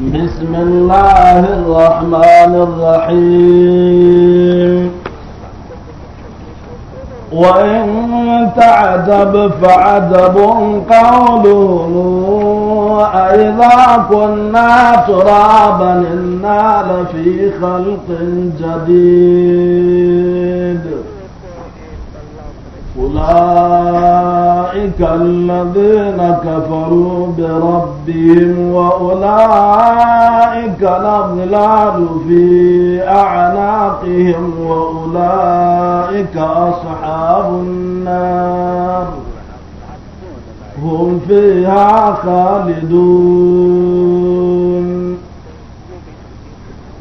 بسم الله الرحمن الرحيم وإن تعجب فعجب قولهم أإذا كنا ترابا إنا لفي خلق جديد أولئك الذين كفروا بربهم وأولئك الأغلال في أعناقهم وأولئك أصحاب النار هم فيها خالدون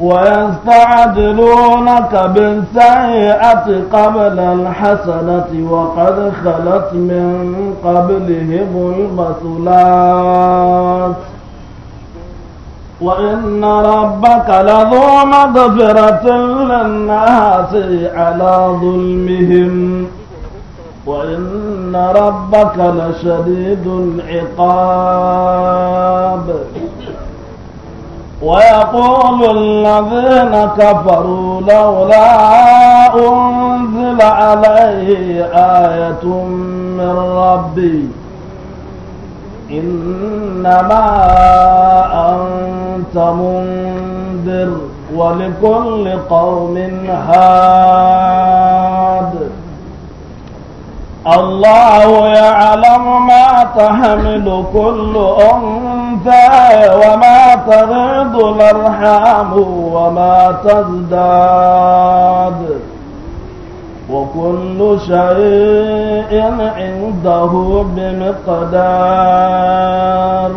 ويستعجلونك بالسيئة قبل الحسنة وقد خلت من قبلهم المثلات وإن ربك لذو مغفرة للناس على ظلمهم وإن ربك لشديد العقاب ويقول الذين كفروا لولا أنزل عليه آية من ربي إنما أنت منذر ولكل قوم هاد الله يعلم ما تحمل كل أنثى وما تغيض الأرحام وما تزداد وكل شيء عنده بمقدار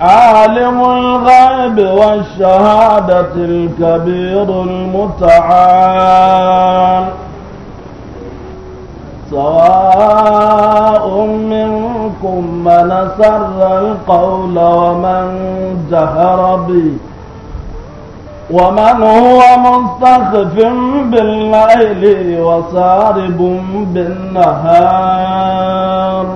عالم الغيب والشهادة الكبير المتعال سواء منكم من سر القول ومن جهر به ومن هو مستخف بالليل وسارب بالنهار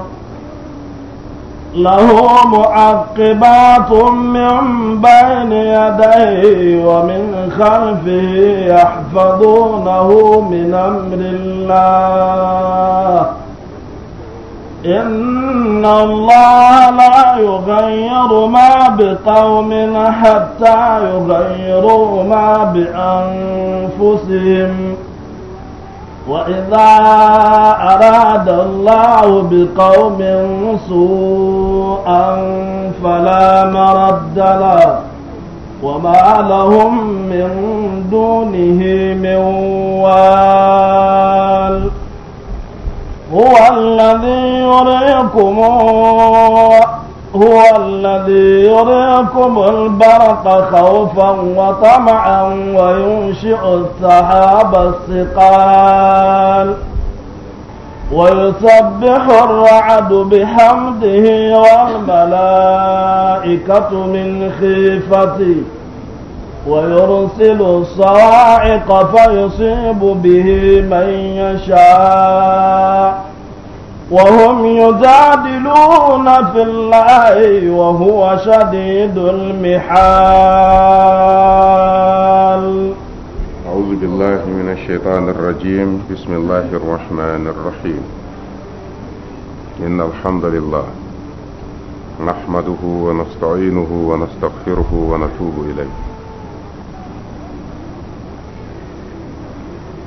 له معقبات من بين يديه ومن خلفه يحفظونه من أمر الله إن الله لا يغير ما بقوم حتى يغيروا ما بأنفسهم وإذا أراد الله بقوم سوءا فلا مرد له وما لهم من دونه من وال هو الذي يريكم هو الذي يريكم البرق خوفا وطمعا وينشئ السحاب الثقال ويسبح الرعد بحمده والملائكة من خيفته ويرسل الصواعق فيصيب به من يشاء وهم يجادلون في الله وهو شديد المحال أعوذ بالله من الشيطان الرجيم بسم الله الرحمن الرحيم إن الحمد لله نحمده ونستعينه ونستغفره ونتوب إليه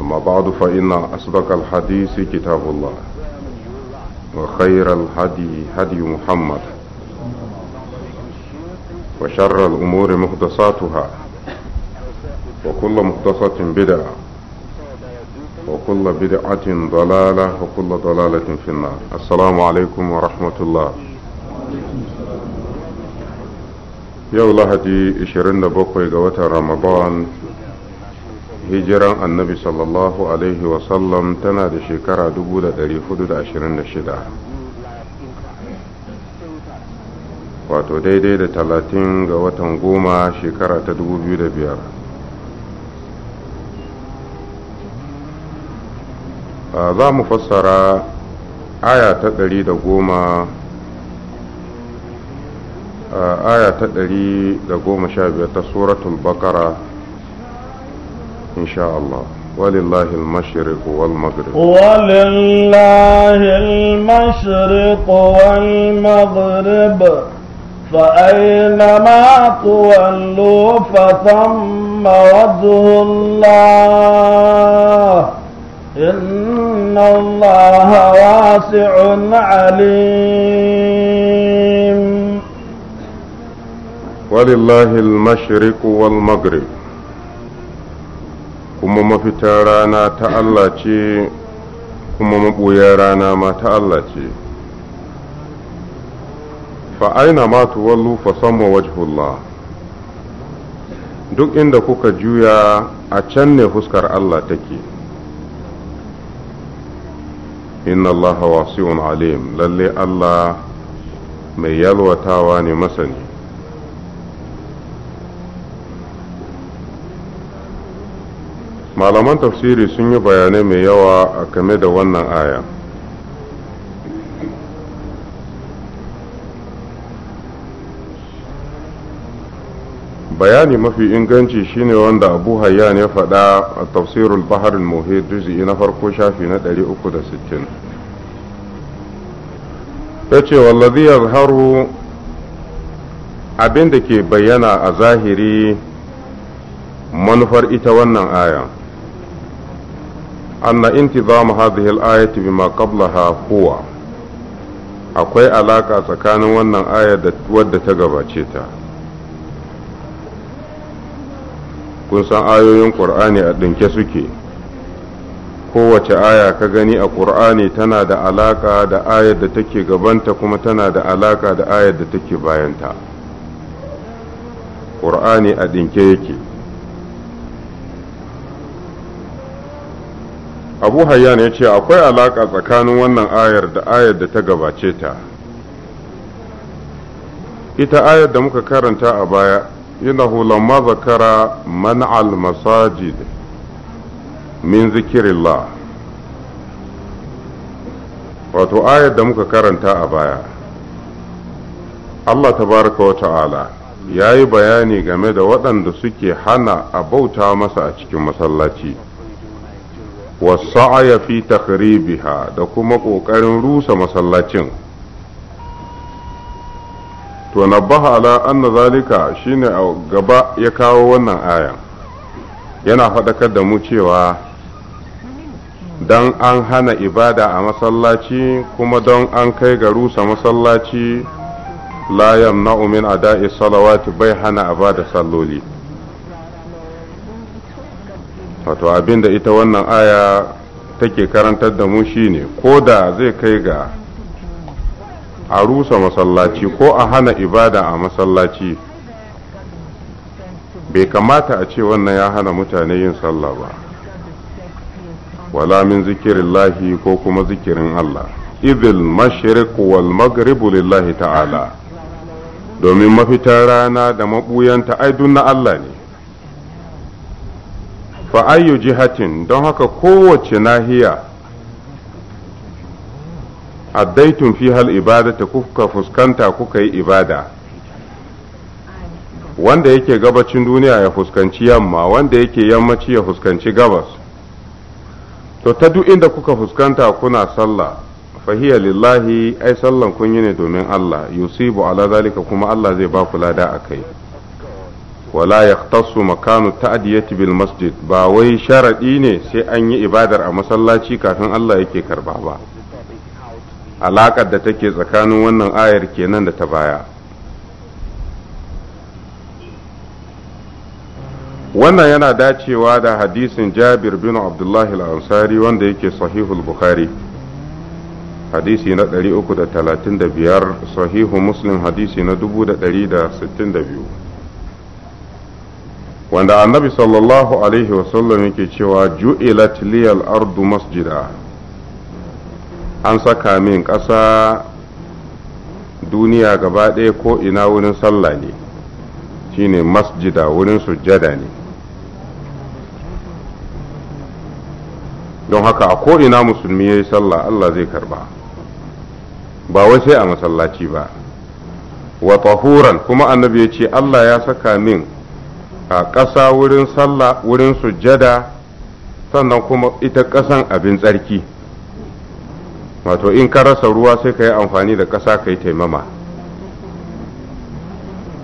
أما بعد فإن أصدق الحديث كتاب الله وخير الهدي هدي محمد وشر الأمور مهدساتها وكل مهدسة بدعة وكل بدعة ضلالة وكل ضلالة في النار السلام عليكم ورحمة الله يوم لهدي 27 ga watan رمضان hijiran annabi sallallahu alaihi wasallam tana da shekara 426 wato daidai da talatin ga watan goma shekara ta 2005 za mu fassara aya ta ɗari da goma aya ta ɗari da goma sha biyar ta suratul bakara إن شاء الله ولله المشرق والمغرب ولله المشرق والمغرب فأينما تولوا فثم وجه الله إن الله واسع عليم ولله المشرق والمغرب kuma mafitar rana ta Allah ce kuma maɓoyar rana ma ta Allah ce fa'aina ma wallu fa samma wajhullah duk inda kuka juya a can ne fuskar Allah take inna Allah wasi'un alim lalle Allah mai yalwatawa ne masani malaman tafsiri sun yi bayanai mai yawa a game da wannan aya bayani mafi inganci shine wanda abu hayyan ya faɗa a tafsirul bahar muhit juz'i na farko shafi na 360 ya ce wallazi yazharu abin da ke bayyana a zahiri manufar ita wannan aya أن انتظام هذه الآية بما قبلها هو akwai alaka tsakanin wannan آية da wadda ta gabace ta kun san ayoyin ƙur'ani a ɗinke suke kowace aya ka gani a ƙur'ani tana da alaka da ayar da take gabanta kuma tana da alaƙa da ayar da take bayanta ƙur'ani a ɗinke yake abu hayyan ya ce akwai alaƙa tsakanin wannan ayar da ayar da ta gabace ta ita ayar da muka karanta a baya innahu lamma zakara man'al masajid min zikirillah wato ayar da muka karanta a baya Allah tabaraka wa ta'ala ya yi bayani game da waɗanda suke hana a bauta masa a cikin masallaci. wasa'aya fi takribiha da kuma ƙoƙarin rusa masallacin to na ala anna zalika shine a gaba ya kawo wannan ayan yana faɗakar da mu cewa don an hana ibada a masallaci kuma don an kai ga rusa masallaci layan naumin a dai salawati bai hana a bada salloli wato da ita wannan aya take karantar da mu shine ko da zai kai ga a rusa masallaci ko a hana ibada a masallaci bai kamata a ce wannan ya hana mutane yin sallah ba wala min zikirin lahi ko kuma zikirin Allah idil mashirik wal magribu lillahi ta'ala domin mafitar rana da maɓuyanta ai na Allah ne fa ayyu jihatin don haka kowace nahiya addaitun fi hal ibada ta kuka fuskanta kuka yi ibada wanda yake gabacin duniya ya fuskanci yamma wanda yake yammaci ya fuskanci gabas to ta duk inda kuka fuskanta kuna sallah fahiya lillahi ai sallan kun yi ne domin Allah yusibu ala zalika kuma Allah zai ba ku lada a kai wala yaqtasu makanu ta'diyati bil masjid ba wai sharadi ne sai an yi ibadar a masallaci kafin Allah yake karba ba alaƙar da take tsakanin wannan ayar kenan da ta baya wannan yana dacewa da hadisin jabir bin abdullahi al-ansari wanda yake sahihul bukhari hadisi na 335 sahihu muslim hadisi na wanda annabi sallallahu alaihi wasallam yake cewa ju'ilat liyal ardu masjida an saka min ƙasa duniya gaba ɗaya ko ina wurin sallah ne shine masjida wurin sujjada ne don haka a ko'ina musulmi ya yi sallah Allah zai karba ba wai sai a masallaci ba wa tahuran kuma annabi ya ce Allah ya saka min a ƙasa wurin sallah wurin sujjada sannan kuma ita ƙasan abin tsarki wato in ka rasa ruwa sai ka yi amfani da ƙasa ka yi taimama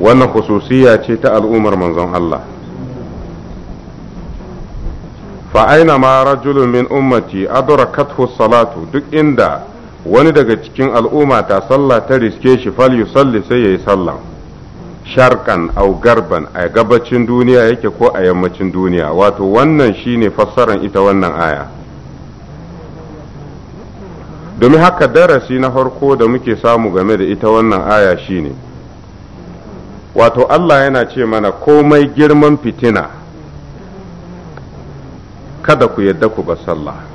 wannan hususiya ce ta al'ummar manzon Allah aina ma rajulun min ummati adrakathu salatu duk inda wani daga cikin al'umma ta sallah ta riske shi fal yusalli sai yayi sallah sharkan au garban a gabacin duniya yake ko a yammacin duniya wato wannan shine fassaran ita wannan aya domin haka darasi na farko da muke samu game da ita wannan aya shine wato Allah yana ce mana komai girman fitina kada ku yadda ku ba sallah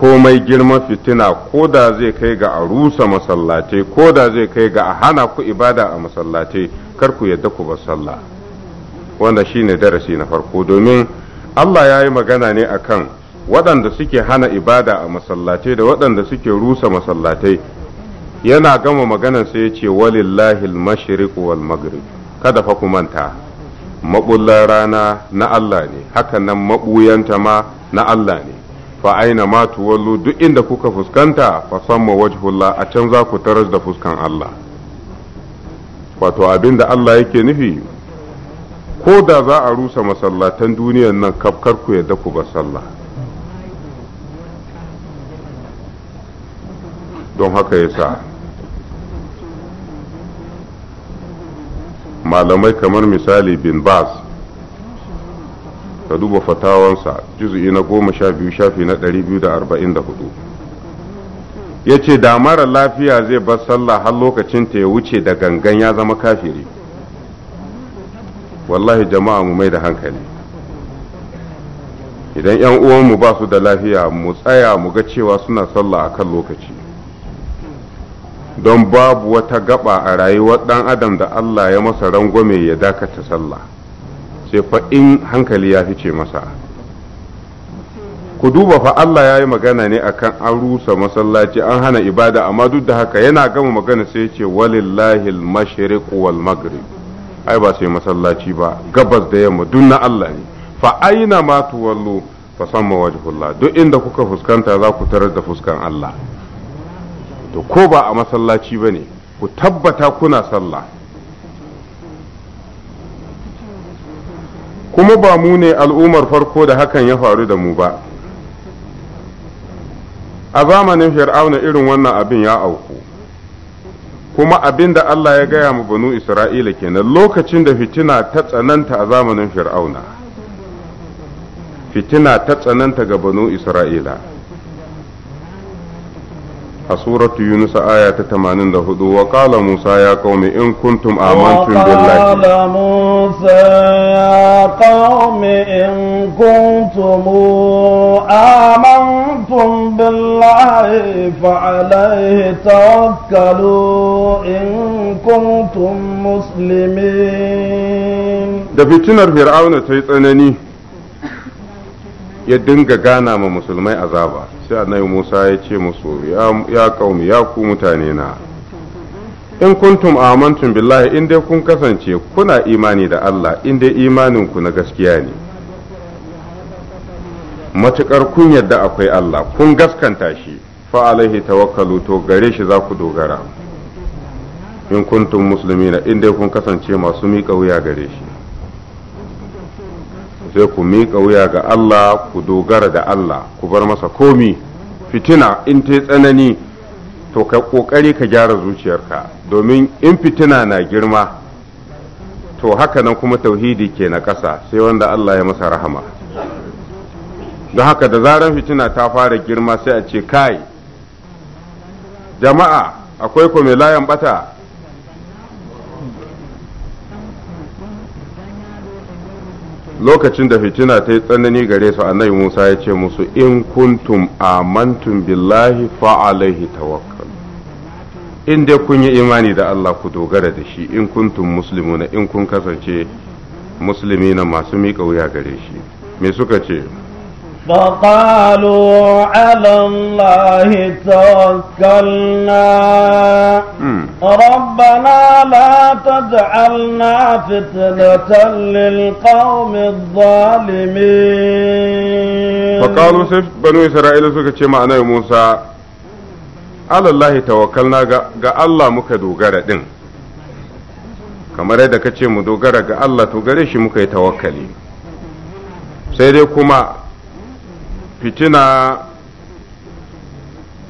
komai girman fitina ko da zai kai ga a rusa masallatai ko da zai kai ga a hana ku ibada a masallatai kar ku yadda ku ba sallah wanda shine darasi na farko domin Allah ya yi magana ne akan waɗanda suke hana ibada a masallatai da waɗanda suke rusa masallatai yana gama maganar sai ya ce walillahi al wal maghrib kada fa ku manta maɓullar rana na Allah ne hakan nan maɓuyanta ma na Allah ne fa aina ma tuwallu duk inda kuka fuskanta fa samma wajhullah a can za ku taras da fuskan Allah wato abinda Allah yake nufi ko da za a rusa masallatan duniyar nan kafkar ku yadda ku ba sallah don haka yasa malamai kamar misali bin bas ka duba fatawansa juzu'i na goma sha biyu shafi na ɗari biyu da arba'in da hudu ya ce da mara lafiya zai bar sallah har lokacin ta ya wuce da gangan ya zama kafiri wallahi jama'a mu mai da hankali idan 'yan uwanmu ba su da lafiya mu tsaya mu ga cewa suna sallah a kan lokaci don babu wata gaba a rayuwar dan adam da allah ya masa rangwame ya dakata sallah sai fa in hankali ya fice masa ku duba fa Allah ya yi magana ne akan an rusa masallaci an hana ibada amma duk da haka yana gama magana sai ce walillahi al-mashriq wal maghrib ai ba sai masallaci ba gabas da yamma duk na Allah ne fa aina ma tuwallu fa samma wajhullah duk inda kuka fuskanta za ku tarar da fuskan Allah to ko ba a masallaci bane ku tabbata kuna sallah kuma ba mu ne al'ummar farko da hakan ya faru da mu ba a zamanin fir'auna irin wannan abin ya auku kuma abin da Allah ya gaya mu banu Isra'ila kenan lokacin da fitina ta tsananta a zamanin fir'auna fitina ta tsananta ga banu Isra'ila a suratu yunus aya ta 84 wa qala musa ya qaumi in kuntum amantum billahi wa qala musa ya qaumi in kuntum amantum billahi fa alayhi tawakkalu in kuntum muslimin da fitinar fir'auna ta yi tsanani ya dinga gana ma musulmai azaba sai annabi Musa ya ce musu ya kaumi ya ku mutane na in kuntum amantum billahi in dai kun kasance kuna imani da Allah in dai imanin ku na gaskiya ne matukar kun yadda akwai Allah kun gaskanta shi fa alaihi tawakkalu to gare shi za ku dogara in kuntum muslimina in dai kun kasance masu miƙa wuya gare shi sai ku miƙa wuya ga Allah ku dogara da Allah ku bar masa komi fitina in ta tsanani to ka ƙoƙari ka gyara zuciyarka domin in fitina na girma to haka nan kuma tauhidi ke na ƙasa sai wanda Allah ya masa rahama don haka da zarar fitina ta fara girma sai a ce kai jama'a akwai ko mai layan bata lokacin da fitina ta yi tsanani gare su annabi Musa ya ce musu in kuntum amantum billahi fa alaihi tawakkal in dai kun yi imani da Allah ku dogara da shi in kuntum muslimuna in kun kasance musulmi na masu miƙa wuya gare shi me suka ce فقالوا على الله توكلنا ربنا لا تجعلنا فتنة للقوم الظالمين فقالوا سيف بنو إسرائيل سوكا معنا موسى على الله توكلنا قال الله مكدو غردن كما رأي ka ce mu dogara ga Allah to gare shi muka sai dai kuma fitina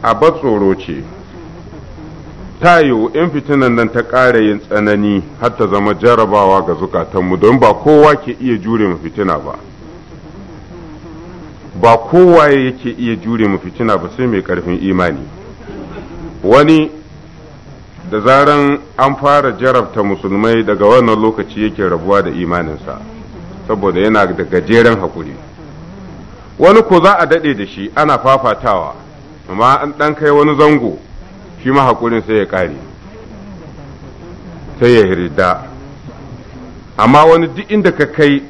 a tsoro ce ta yiwu in fitinan nan ta ƙara yin tsanani har ta zama jarabawa ga zukatanmu don ba kowa ke iya jure mu fitina ba ba kowa yake iya jure mu fitina ba sai mai ƙarfin imani wani da zaran an fara jarabta musulmai daga wannan lokaci yake rabuwa da imaninsa saboda yana da gajeren haƙuri wani ko za a daɗe da shi ana fafatawa amma an ɗan kai wani zango shi ma haƙurin sai ya ƙare sai ya hirida amma wani duk inda ka kai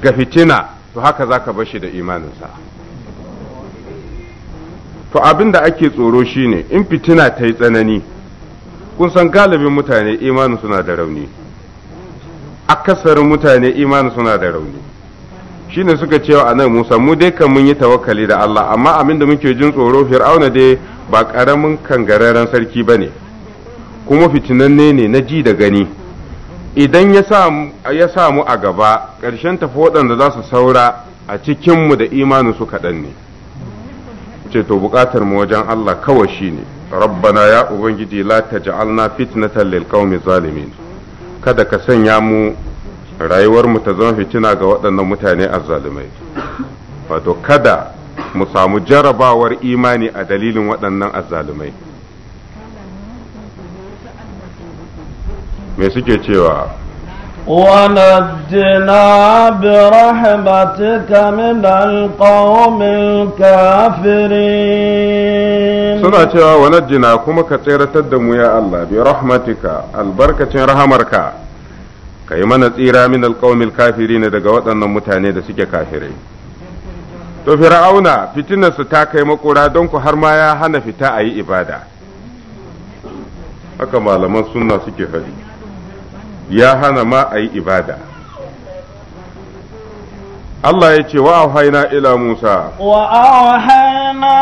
ga fitina to haka za ka bar shi da imaninsa to abin da ake tsoro shine in fitina ta yi tsanani kun san galibin mutane imanin suna da rauni akasarin mutane imanin suna da rauni shine suka cewa anan Musa mu dai kan mun yi tawakali da Allah amma abin da muke jin tsoro Fir'auna dai ba karamin kangararren sarki bane kuma fitinanne ne na ji da gani idan ya mu a gaba ƙarshen tafi waɗanda za su saura a cikin mu da imanin su kaɗan ne ce to buƙatar mu wajen Allah kawai shi ne rabbana ya ubangiji la taj'alna fitnatan lil qaumi zalimin kada ka sanya mu rayuwar mu ta zama fitina ga waɗannan mutane azzalumai wato kada mu samu jarabawar imani a dalilin waɗannan azzalumai me suke cewa ونجنا برحمتك من القوم الكافرين suna cewa jina kuma ka tseratar da mu ya Allah bi rahmatika albarkacin rahamarka ka yi mana tsira min alƙawamil kafiri ne daga waɗannan mutane da suke kafirai to fir'auna fitinarsu ta kai makura don ku har ma ya hana fita a yi ibada haka malaman sunna suke faɗi ya hana ma a yi ibada Allah ya ce wa auhayna ila Musa wa auhayna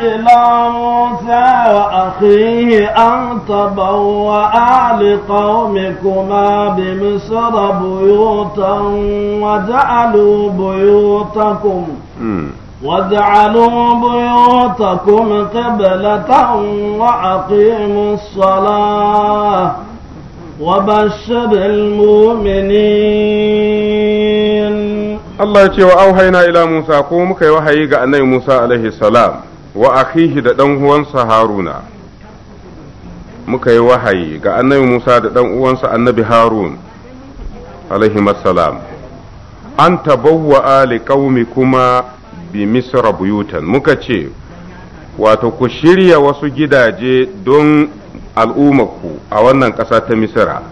ila Musa wa akhihi an tabawwa li qaumikuma bi Misr buyutan wa ja'alu buyutakum واجعلوا بيوتكم قبلة وأقيموا الصلاة وبشر المؤمنين Allah ya ce wa auhaina ila Musa ko muka yi wahayi ga annabi Musa alaihi salam wa akhihi da dan uwansa Haruna muka yi wahayi ga annabi Musa da dan uwansa annabi Harun alaihi salam an tabawwa ali qaumi kuma bi misra buyutan muka ce wato ku shirya wasu gidaje don al'ummarku a wannan ƙasa ta misra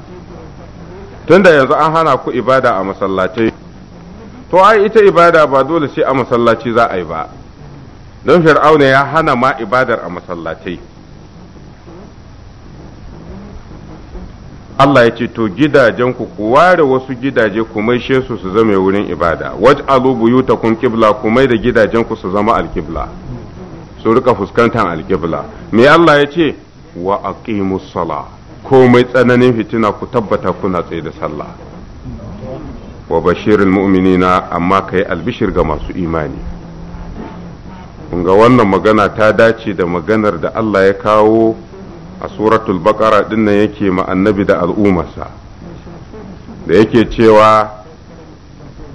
tunda yanzu an hana ku ibada a masallatai to ai ita ibada ba dole sai a masallaci za a yi ba don fir'auna ya hana ma ibadar a masallatai Allah ya ce to gidajenku ku ku ware wasu gidaje ku maishe su su zama wurin ibada waj'alu buyutakum qibla ku mai da gidajen ku su zama alkibla su rika fuskantar alkibla me Allah ya ce wa aqimus sala komai tsananin fitina ku tabbata kuna tsaye da sallah wa bashirin mu'minina amma ka albishir ga masu imani ga wannan magana ta dace da maganar da Allah ya kawo a suratul baqara din nan yake ma annabi da al'ummarsa da yake cewa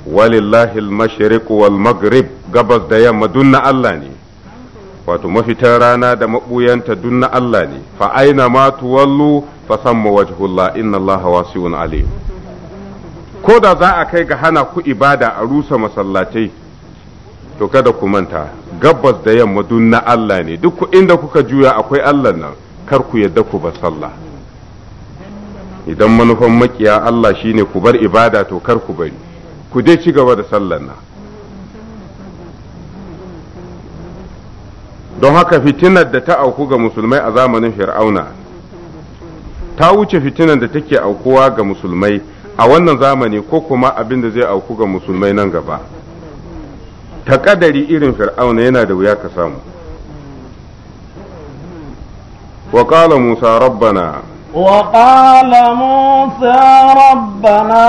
walillahi al-mashriq wal maghrib gabas da yamma dunna Allah ne wato mafitar rana da mabuyanta dunna Allah ne fa aina ma tuwallu fa samma wajhullah inna Allah wasi'un alim ko da za a kai ga hana ku ibada a rusa masallatai to kada ku manta gabas da yamma duk na Allah ne duk inda kuka juya akwai Allah nan kar ku yadda ku bar sallah idan manufan makiya Allah shine ku bar ibada to kar ku bari ku dai ci gaba da sallar nan don haka fitinar da ta auku ga musulmai a zamanin fir'auna ta wuce fitinar da take aukuwa ga musulmai a wannan zamani ko kuma abin da zai auku ga musulmai nan gaba ta kadari irin fir'auna yana da wuya ka samu wa musa rabbana وقال موسى ربنا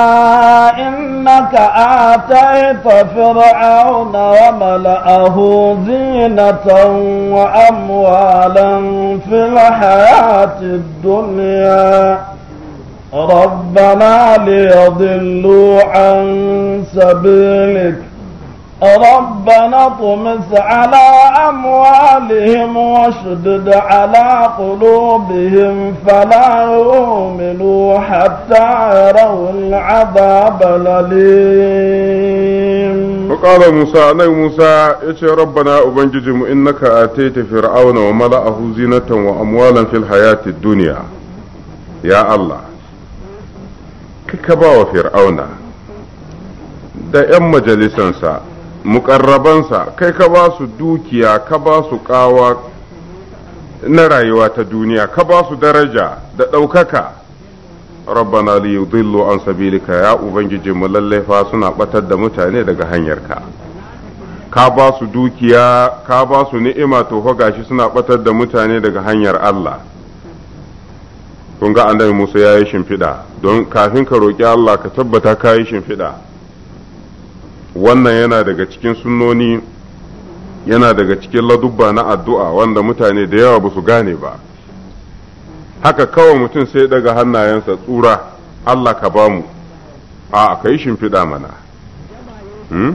إنك آتيت فرعون وملأه زينة وأموالا في الحياة الدنيا ربنا ليضلوا عن سبيلك ربنا طمس على أموالهم واشدد على قلوبهم فلا يؤمنوا حتى يروا العذاب الأليم وقال موسى نبي موسى يا ربنا أبنججم إنك آتيت فرعون وملأه زينة وأموالا في الحياة الدنيا يا الله kika ba wa fir'auna da 'yan majalisansa muƙarrabansa kai ka ba su dukiya ka ba su ƙawa na rayuwa ta duniya ka ba su daraja da ɗaukaka rabbana li yudillu an sabilika ya ubangiji mu lallai fa suna batar da mutane daga hanyarka ka ba su dukiya ka ba su ni'ima to fa gashi suna batar da mutane daga hanyar Allah kun ga annabi Musa ya yi shimfiɗa don kafin ka roƙi Allah ka tabbata ka yi shimfiɗa wannan yana daga cikin sunnoni yana daga cikin ladubba na addu'a wanda mutane da yawa ba su gane ba haka kawai mutum sai daga hannayensa tsura Allah ka ba mu a ka yi shimfiɗa mana hmm?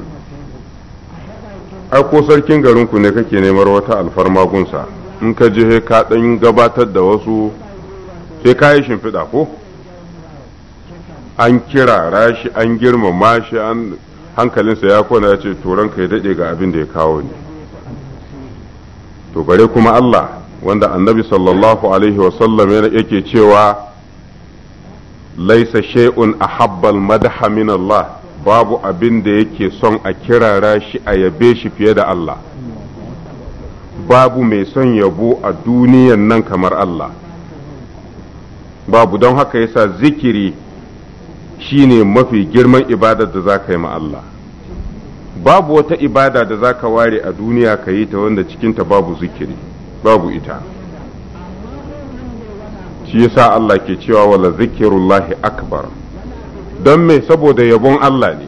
ai ko sarkin garinku ne kake nemar wata alfarmagunsa, in ka je ka ɗan gabatar da wasu sai kayi shimfiɗa ko an kira shi an girmama shi an hankalinsa ya kona ya ce turan ka yi daɗe ga abin da ya kawo ne to bare kuma Allah wanda annabi sallallahu alaihi wasallam yake cewa laisa shay'un ahabbal madha min Allah babu abin da yake son a kira rashi a yabe shi fiye da Allah babu mai son yabo a duniyan nan kamar Allah babu don haka yasa zikiri shine mafi girman ibada da za ka yi ma Allah babu wata ibada da za ka ware a duniya ka yi ta wanda cikinta babu zikiri babu ita shi yasa Allah ke cewa wala zikirullahi akbar don me saboda yabon Allah ne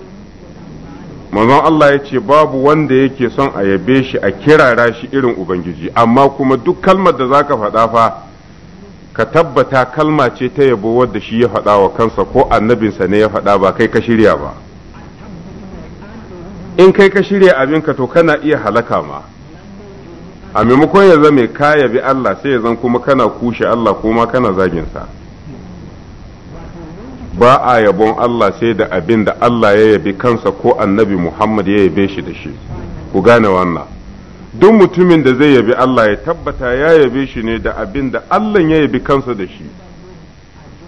manzon Allah ya ce babu wanda yake son a yabe shi a kirara shi irin Ubangiji amma kuma duk kalmar da za ka faɗa fa ka tabbata kalma ce ta yabo wadda shi ya faɗa wa kansa ko annabinsa ne ya faɗa ba kai ka shirya ba in kai ka shirya abinka to kana iya halaka ma a maimakon ya zama ka yabi Allah sai ya zan kuma kana kushe Allah kuma kana zaginsa ba a yabon Allah sai da abin da Allah ya yabi kansa ko annabi Muhammad ya yabe shi da shi ku gane wannan duk mutumin da zai yabi Allah ya tabbata ya yabe shi ne da abin da Allah ya yabi kansa da shi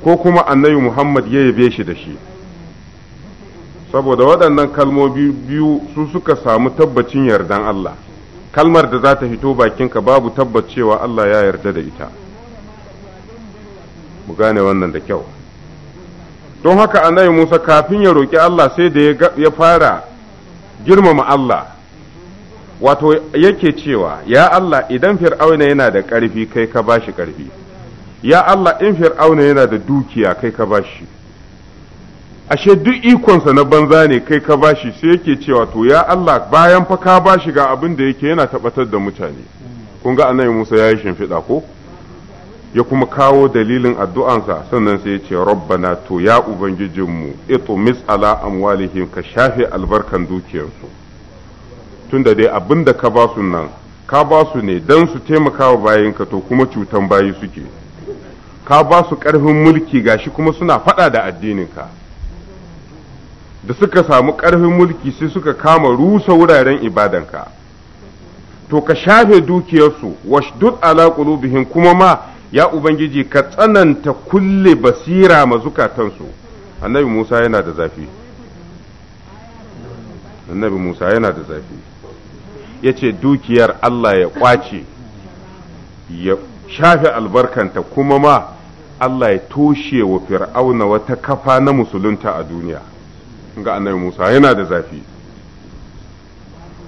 ko kuma annabi Muhammad ya yabe shi da shi saboda waɗannan kalmomi biyu su suka samu tabbacin yardan Allah kalmar da za ta fito bakinka babu tabbacewa Allah ya yarda da ita mu gane wannan da kyau don haka annabi Musa kafin ya roƙi Allah sai da ya fara girmama Allah wato yake cewa ya Allah idan fir'auna yana da ƙarfi kai ka bashi ƙarfi ya Allah in fir'auna yana da dukiya kai ka bashi ashe duk ikonsa na banza ne kai ka bashi sai yake cewa to ya Allah bayan fa ka bashi ga abin da yake yana tabbatar da mutane kun ga annabi Musa ya yi shimfiɗa ko ya kuma kawo dalilin addu'ansa sannan sai ya ce rabbana to ya ubangijinmu itumis ala amwalihim ka shafe albarkan dukiyarsu tunda dai abin da ka ba su nan ka ba su ne don su taimaka wa ka to kuma cutan bayi suke ka ba su ƙarfin mulki gashi kuma suna faɗa da addininka da suka samu ƙarfin mulki sai suka kama rusa wuraren ibadanka to ka shafe dukiyarsu duk alakulu bihin kuma ma ya ubangiji ka tsananta kulle basira ma zukatansu yana annabi Musa yana da zafi ya ce dukiyar Allah ya kwace ya shafe albarkanta kuma ma Allah ya toshe wa fir'auna wata kafa na musulunta a duniya ga annabi Musa yana da zafi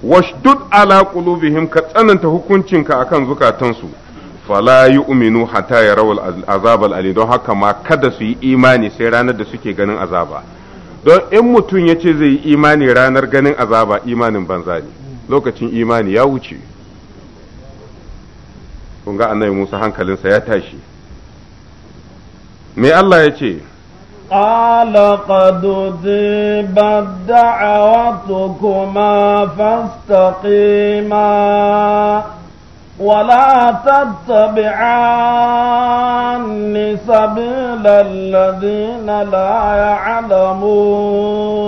washdud ala qulubihim ka tsananta hukuncinka akan zukatansu fala yu'minu hatta yarawul azab al don haka ma kada su yi imani sai ranar da suke ganin azaba don in mutum ya ce zai yi imani ranar ganin azaba imanin banza ne lokacin imani ya wuce kunga ga annabi Musa hankalinsa ya tashi me Allah ya ce Ala kadudu ba da'awa to kuma fasta ƙima wala tattabi an la ya alamun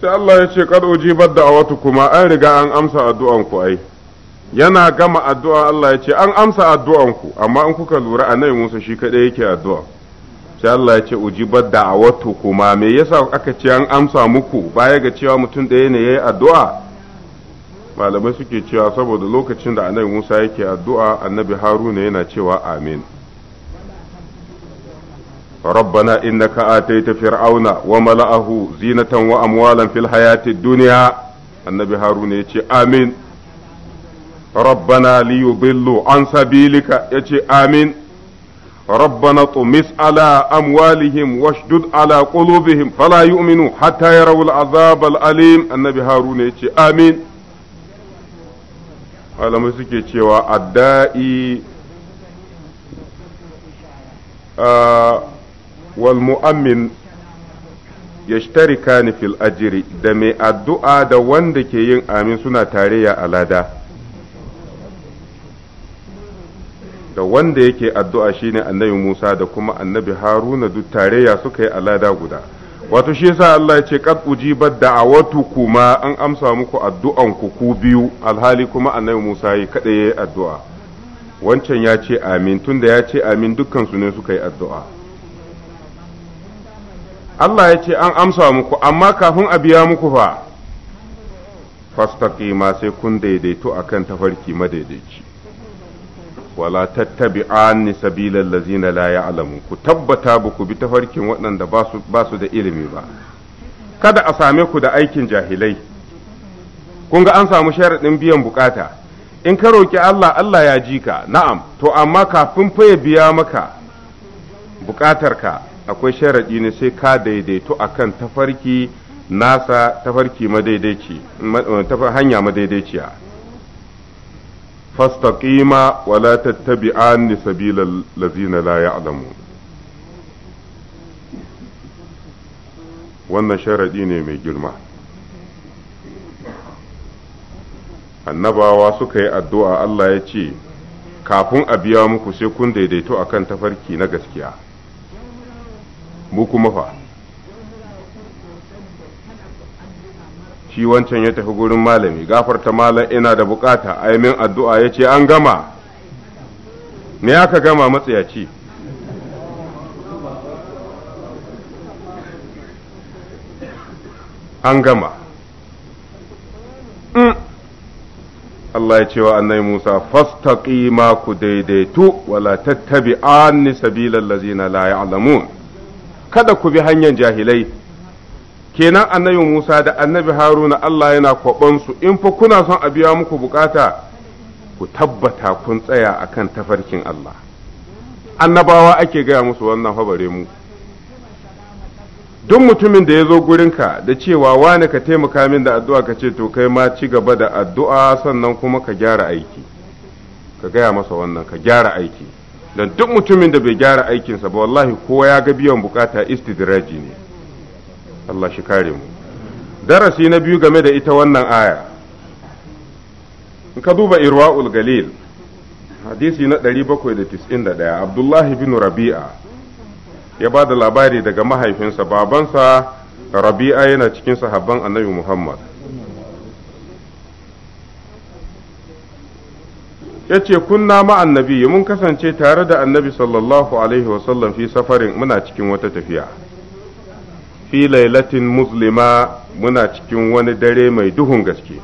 sai Allah ya ce kad ujibat da'awatu kuma an riga an amsa addu'an ku ai yana gama addu'a Allah ya ce an amsa addu'an ku amma in kuka lura annabi Musa shi kadai yake addu'a sai Allah ya ce ujibat da'awatu kuma me yasa aka ce an amsa muku baya ga cewa mutum ɗaya ne yayi addu'a malamai suke cewa saboda lokacin da annabi Musa yake addu'a annabi Haruna yana cewa amin ربنا إنك آتيت فرعون وملأه زينة وأموالا في الحياة الدنيا النبي هارون يتي آمين ربنا ليضلوا عن سبيلك يتي آمين ربنا طمس على أموالهم واشدد على قلوبهم فلا يؤمنوا حتى يروا العذاب الأليم النبي هارون يتي آمين malamai suke cewa adda'i wal mu'ammin yashtarikani fil ajri da mai addu'a da wanda ke yin amin suna tarayya a lada da wanda yake addu'a shine annabi Musa da kuma annabi Haruna duk tarayya suka yi a lada guda wato shi yasa Allah ya ce qad ujibat da'awatu kuma an amsa muku addu'an ku ku biyu alhali kuma annabi Musa yi kada yayi addu'a wancan ya ce amin tunda ya ce amin dukansu ne suka yi addu'a Allah ya ce an amsa muku amma kafin a biya muku fa ma sai kun daidaito akan tafarki madaidaici wala tattabi'an sabilal ladzina la ya'lamu ku tabbata ba ku bi tafarkin waɗanda ba su da ilimi ba kada a same ku da aikin jahilai kun ga an samu sharaɗin biyan bukata in ka roki Allah Allah ya ji ka na'am to amma kafin fa ya biya maka bukatarka akwai sharaɗi ne sai ka daidaito akan tafarki nasa tafarki madaidaici eh, hanya madaidaiciya fastaqima wala tattabi'an sabilal lazina la ya'lamun wannan sharaɗi ne mai girma annabawa suka yi addu'a Allah ya ce kafin a biya muku sai kun daidaito akan tafarki na gaskiya mu kuma fa shi wancan ya tafi gurin malami gafarta malam ina da bukata a min addu'a ya ce an gama me aka gama matsayaci an gama mm. Allah ya ce wa annai Musa fastaqima ku daidaitu wala tattabi'anni sabilal ladzina la ya'lamun kada ku bi hanyar jahilai kenan annabi Musa da annabi Haruna Allah yana su in fa kuna son a biya muku bukata ku tabbata kun tsaya akan tafarkin Allah annabawa ake gaya musu wannan habare mu duk mutumin da ya zo gurinka da cewa wane ka taimaka min da addu'a ka ce to kai ma ci gaba da addu'a sannan kuma ka gyara aiki ka gaya masa wannan ka gyara aiki don duk mutumin da bai gyara aikinsa ba wallahi kowa ya ga biyan bukata istidraji ne Allah shi kare mu darasi na biyu game da ita wannan aya in ka duba irwa'ul galil hadisi na ɗari da da 791 abdullahi bin rabi'a ya ba da labari daga mahaifinsa babansa rabi'a yana cikin sahabban annabi muhammad yace ce kunna ma'an nabi mun kasance tare da annabi sallallahu alaihi wasallam fi safarin muna cikin wata tafiya fi lailatin muslima muna cikin wani dare mai duhun gaske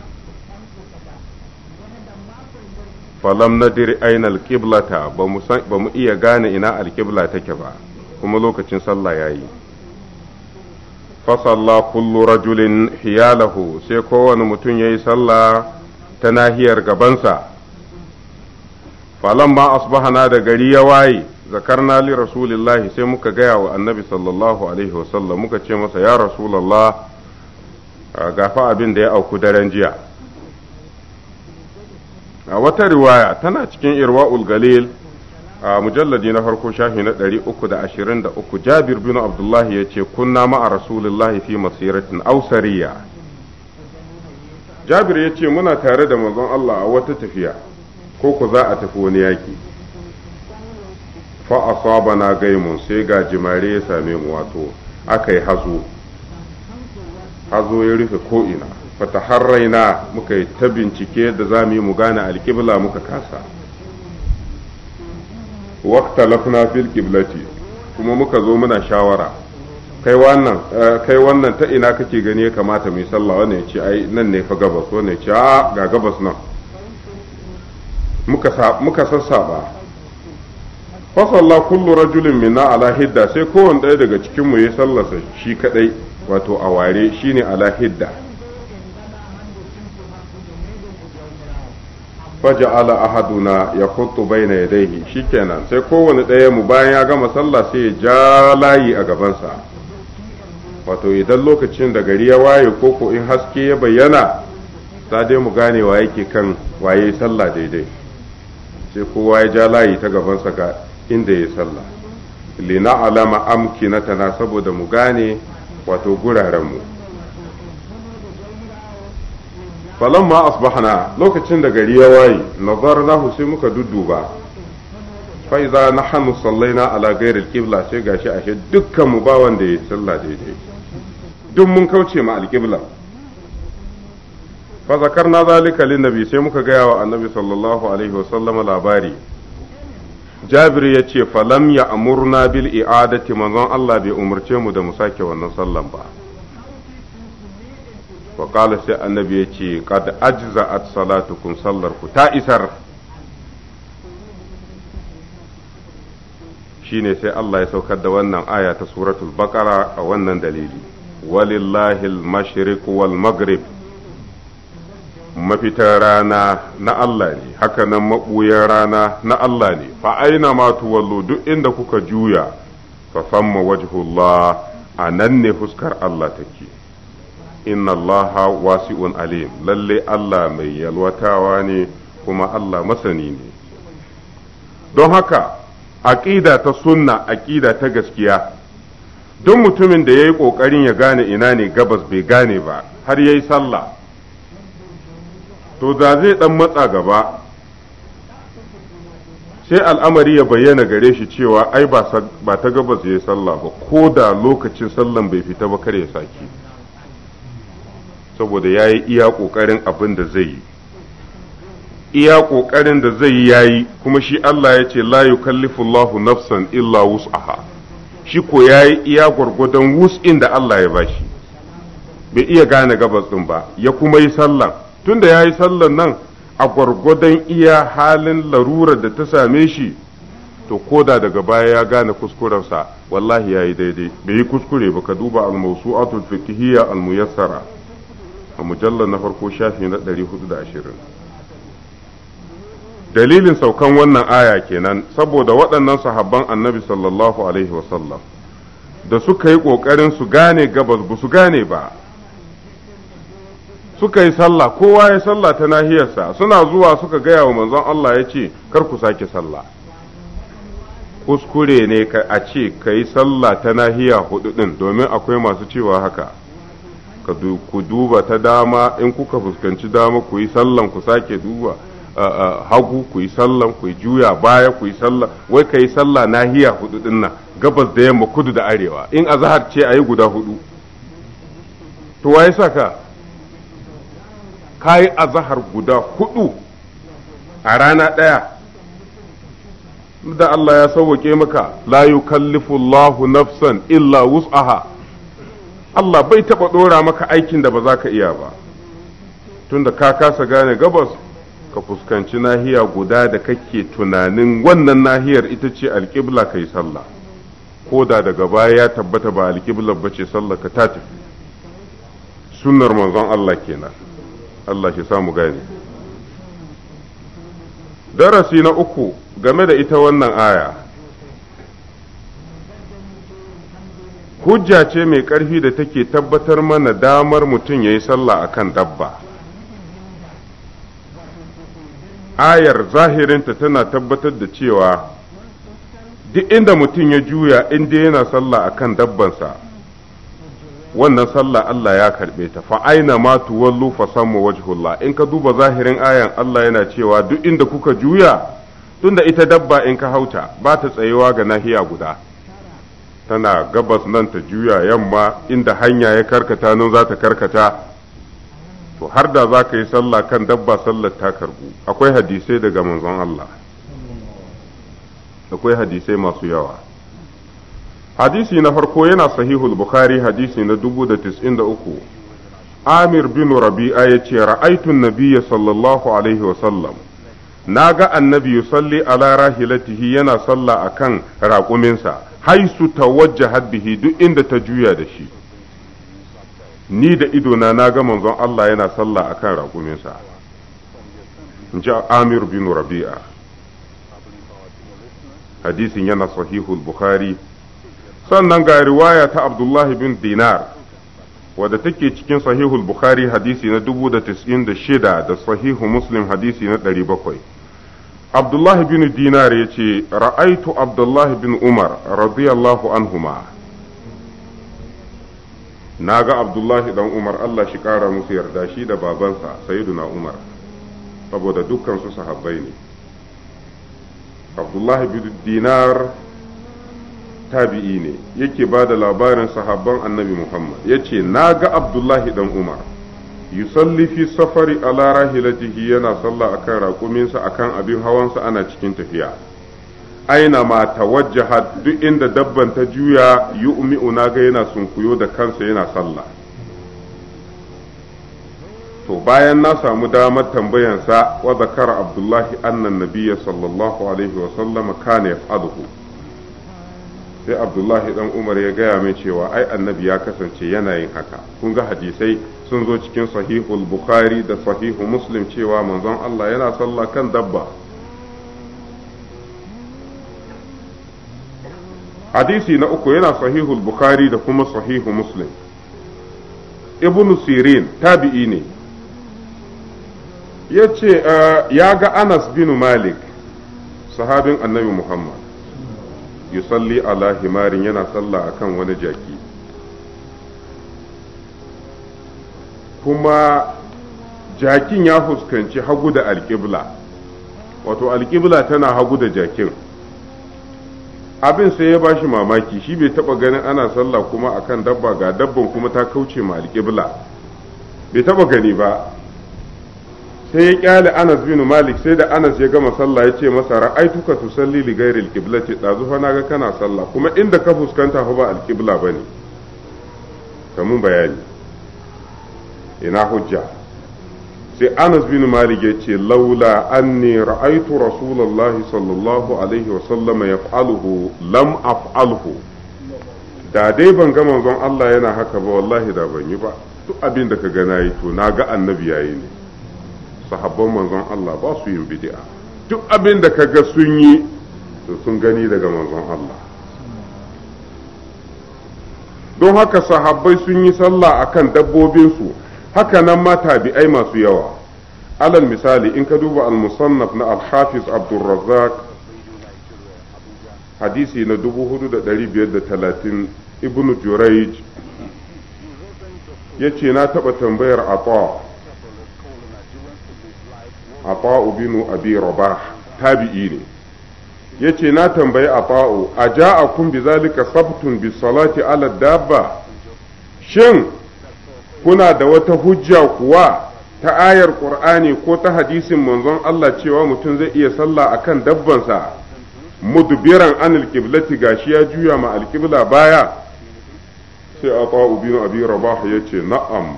falam nadir aina alqiblata ba mu iya gane ina alqibla take ba kuma lokacin sallah yayi fasalla kullu rajulin hiyalahu sai kowane mutum yayi sallah ta nahiyar gabansa falamma asbahana da gari ya waye zakarna li rasulillahi sai muka gaya wa annabi sallallahu alaihi wasallam muka ce masa ya rasulallah gafa abin da ya auku daren jiya a wata riwaya tana cikin irwa'ul galil a mujalladi na farko shafi na 323 jabir bin abdullahi ya ce kunna ma'a rasulillahi fi masiratin ausariya jabir ya ce muna tare da manzon Allah a wata tafiya ko ku za a tafi wani yaƙi fa asaba na gaimun sai ga jimare ya same mu wato aka yi hazo hazo ya rufe ko'ina fata harraina muka yi ta bincike da za mu yi mu gane alƙibla muka kasa wakta lafna fil ƙiblati kuma muka zo muna shawara eh, kai wannan ta ina kake gani ya kamata mu yi sallah wannan ya ce ai nan ne fa gabas wannan ya ce a ga gabas nan muka sassaba fasalla kullu rajulin minna ala hidda sai kowane ɗaya daga cikinmu ya sallasa shi kaɗai wato a ware shine ala hidda ala ahaduna ya khutu baina yadayhi shikenan sai kowane ɗaya mu bayan ya gama sallah sai ya ja layi a gabansa wato idan lokacin da gari ya waye ko ko in haske ya bayyana ta dai mu gane wa yake kan waye sallah daidai sai kowa ya ja layi ta gabansa ga inda ya sallah lina alama amkina tana saboda mu gane wato gurarenmu falamma asbahna lokacin da gari ya waye nazar lahu sai muka dudduba fa idza nahnu sallaina ala ghairi kibla sai gashi ashe dukkan mu ba wanda ya sallah daidai duk mun kauce ma alqibla fa zakarna zalika linnabi sai muka gaya wa annabi sallallahu alaihi wasallama labari jabir ya ce falam ya amurna bil i'adati manzon Allah bai umarce mu da mu sake wannan sallan ba wa qala sai annabi ya ce qad ajza'at salatukum sallar ku ta isar shine sai Allah ya saukar da wannan aya ta suratul baqara a wannan dalili walillahi al-mashriq wal maghrib mafitar rana na Allah ne haka nan maɓuyar rana na Allah ne fa aina ma tuwallo duk inda kuka juya fa famma wajhullah a nan ne fuskar Allah take inna allaha wasi'un alim lalle Allah mai yalwatawa ne kuma Allah masani ne don haka aƙida ta sunna aƙida ta gaskiya duk mutumin da ya yi ƙoƙarin ya gane ina ne gabas bai gane ba har ya sallah to da zai dan matsa gaba sai al'amari ya bayyana gare shi cewa ai ba ta gabas ya yi sallah ba ko da lokacin sallan bai fita ba kar ya sake saboda ya yi iya ƙoƙarin abin da zai yi iya ƙoƙarin da zai yi ya yi kuma shi Allah ya ce la yukallifullahu nafsan illa wus'aha shi ko ya yi iya gwargwadon wus'in da Allah ya bashi bai iya gane gabas ɗin ba ya kuma yi sallah. tunda ya yi sallar nan a gwargwadon iya halin larurar da ta same shi to koda daga baya ya gane kuskurensa wallahi ya yi daidai bai yi kuskure ba ka duba al atul fiqhiyya al-muyassara a mujallar na farko shafi na 420 dalilin saukan wannan aya kenan saboda waɗannan sahabban annabi sallallahu alaihi wasallam da suka yi ƙoƙarin su gane gabas ba su gane ba suka yi sallah kowa ya sallah ta nahiyarsa suna zuwa suka gaya wa manzon Allah ya ce kar ku sake sallah kuskure ne a ce ka yi sallah ta nahiya hudu din domin akwai masu cewa haka ku duba ta dama in kuka fuskanci dama ku yi sallan ku sake duba hagu ku yi sallan ku yi juya baya ku yi sallan wai ka yi sallah nahiya hudu din nan gabas da yamma kudu da arewa in azahar ce a yi guda hudu to waye saka ka yi azahar guda hudu a rana ɗaya da Allah ya sauwake maka la yukallifu Allahu nafsan illa wus'aha Allah bai taɓa ɗora maka aikin da ba za ka iya ba tunda ka kasa gane gabas ka fuskanci nahiya guda da kake tunanin wannan nahiyar ita ce alƙibla ka yi sallah ko da daga baya ya tabbata ba alƙiblar ba ce sallah ka ta tafi sunnar manzon Allah kenan Allah shi samu gane darasi na uku game da ita wannan aya hujja ce mai ƙarfi da take tabbatar mana damar mutum ya yi sallah a kan dabba ayar zahirinta tana tabbatar da cewa duk inda mutum ya juya inda yana sallah a kan dabbansa wannan sallah Allah ya karbe ta fa aina ma tuwallu fa samu wajhullah in ka duba zahirin ayan Allah yana cewa duk inda kuka juya tunda ita dabba in ka hauta ba ta tsayewa ga nahiya guda tana gabas nan ta juya yamma inda hanya ya karkata nan za ta karkata to har da za ka yi sallah kan dabba sallar ta karbu akwai hadisai daga manzon Allah akwai hadisai masu yawa hadisi na farko yana sahihul bukhari hadisi na 1093 amir bin rabi'a ya ce ra'aitun nabiyya sallallahu alaihi wasallam na ga annabi yusalli ala rahilatihi yana sallah akan raƙuminsa haisu tawajjahat bihi duk inda ta juya da shi ni da idona na ga manzon Allah yana sallah akan raƙuminsa in ji amir bin rabi'a hadisin yana sahihul bukhari sannan ga riwaya ta abdullahi bin dinar wadda take cikin sahihul bukhari hadisi na 1096 da sahihu muslim hadisi na 700 abdullahi bin dinar ya ce ra'aitu abdullahi bin umar radiyallahu anhuma na ga abdullahi dan umar allah shi kara musu yarda shi da babansa sayyiduna umar saboda dukkan su sahabbai ne abdullahi bin dinar tabi'i ne yake ba da labarin sahabban annabi Muhammad ya ce na ga Abdullahi dan Umar yusalli fi safari ala rahilatihi yana sallah akan raƙuminsa akan abin hawansa ana cikin tafiya aina ma tawajjaha duk inda dabban ta juya yu'mi'u na ga yana sunkuyo da kansa yana sallah to bayan na samu damar tambayansa wa zakara abdullahi annan nabiyya sallallahu alaihi wa sallama kana yaf'aluhu sai abdullahi dan umar ya gaya min cewa ai annabi ya kasance yana yin haka kun ga hadisai sun zo cikin sahihul bukhari da sahihu muslim cewa manzon Allah yana sallah kan dabba hadisi na uku yana sahihul bukhari da kuma sahihu muslim ibn sirin tabi'i ne ya ce eh, ya ga anas bin malik sahabin annabi muhammad yusalli ala himarin yana sallah akan wani jaki kuma jakin ya fuskanci hagu da alƙibla wato alƙibla tana hagu da jakin abin sai ya bashi mamaki shi bai taba ganin ana sallah kuma akan dabba ga dabban kuma ta kauce ma alƙibla bai taba gani ba sai ya kyale Anas bin Malik sai da Anas ya gama sallah ya ce masa ra'aituka tusalli li ghairi al-qiblati dazu fa naga kana sallah kuma inda ka fuskanta fa ba al-qibla bane kamun bayani ina hujja sai Anas bin Malik ya ce laula anni ra'aitu Rasulullahi sallallahu alaihi wa sallam yaf'aluhu lam af'alhu da dai ban ga manzon Allah yana haka ba wallahi da ban yi ba duk abin da ka ga nayi to naga annabi yayi ne sahabban manzon Allah ba su yin bid'a duk abin da kaga sun yi sun gani daga manzon Allah don haka sahabbai sun yi sallah akan dabbobinsu haka nan ma tabi'ai masu yawa alal misali in ka duba al-musannaf na al-hafiz abdurrazzaq hadisi na 4530 ibnu jurayj yace na taba tambayar ata a ata'u binu abi rabah tabi'i ne yace na tambayi ata'u a kun bi zalika sabtun bi salati ala dabba shin kuna da wata hujja kuwa ta ayar qur'ani ko ta hadisin manzon Allah cewa mutum zai iya sallah akan dabbansa mudbiran anil ga gashi ya juya ma alkibla baya sai a ata'u binu abi rabah yace na'am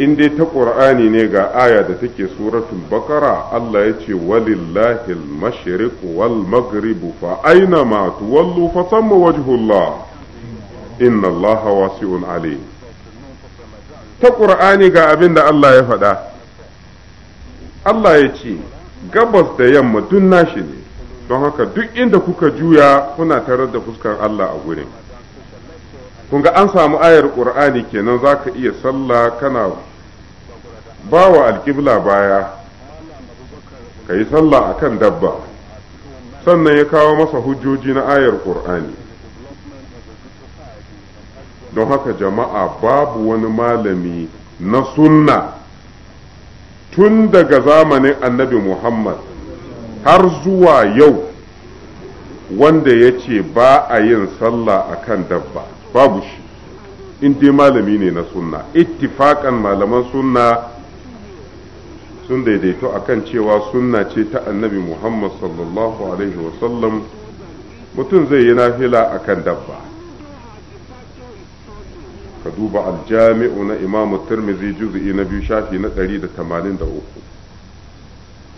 in dai ta ƙur'ani ne ga aya da take suratul bakara Allah ya ce walillahi al-mashriq wal maghribu fa aina ma tuwallu fa samma wajhullah inna Allah wasi'un alim ta ƙur'ani ga abin da Allah ya faɗa Allah ya ce gabas da yamma duk nashi ne don haka duk inda kuka juya kuna tare da fuskar Allah a gurin kun an samu ayar ƙur'ani kenan za ka iya sallah kana ba wa alƙibla baya ka yi sallah a kan dabba sannan ya kawo masa hujjoji na ayar ƙur'ani don haka jama'a babu wani malami na sunna tun daga zamanin annabi muhammad har zuwa yau wanda ya ce ba a yin sallah a kan dabba babu shi in dai malami ne na sunna ittifaƙan malaman sunna sun daidaito akan cewa sunna ce ta annabi muhammad sallallahu alaihi wasallam mutum zai yi nafila akan dabba ka duba aljami'u na imamu tirmidhi juz'i na biyu shafi na 183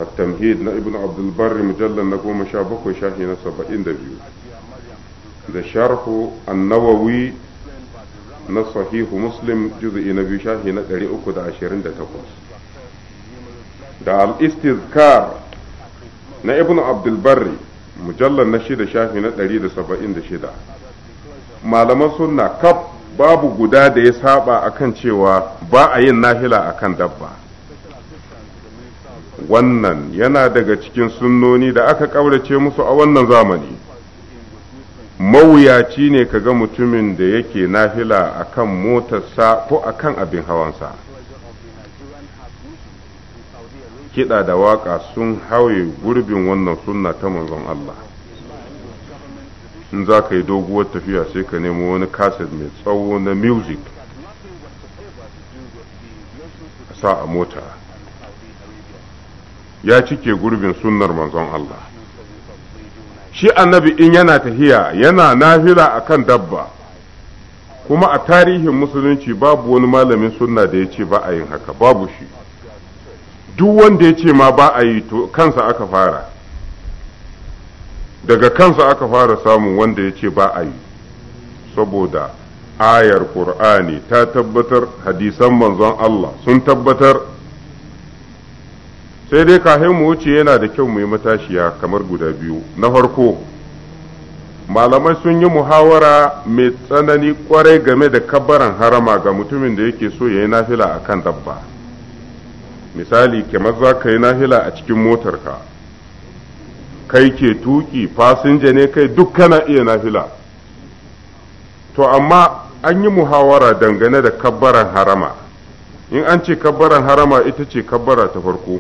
at-tamhid na ibnu abdul barri mujallal na 17 shafi na 72 da sharhu an-nawawi na sahihu muslim juz'i na biyu shafi na 328 da al-istizkar na ibn abdulbarri mujallar na shida shafi na 176 malaman sunna kaf babu guda da ya saba akan cewa ba a yin nahila akan dabba wannan yana daga cikin sunnoni da aka ƙaurace musu a wannan zamani mawuyaci ne kaga mutumin da yake nafila akan motarsa ko akan abin hawansa kiɗa da waƙa sun haye gurbin wannan sunna ta manzon Allah in za ka yi doguwar tafiya sai ka nemo wani kaset mai tsawo na music a sa a mota ya cike gurbin sunnar manzon Allah shi annabi in yana tahiya yana nafila a kan dabba kuma a tarihin musulunci babu wani malamin sunna da ya ce ba a yin haka babu shi duk wanda ya ce ma ba a yi to kansa aka fara daga kansa aka fara samun wanda ya ce ba a yi saboda ayar ƙur'ani ta tabbatar hadisan manzon Allah sun tabbatar sai dai kafin mu wuce yana da kyau mu matashiya kamar guda biyu na farko malamai sun yi muhawara mai tsanani kwarai game da kabaran harama ga mutumin da yake so ya yi nafila a akan dabba misali kamar za ka yi nahila a cikin motarka kai ke tuki fasinja ne kai duk kana iya nahila. to amma an yi muhawara dangane da kabbaran harama in an ce kabbaran harama ita ce kabbara ta farko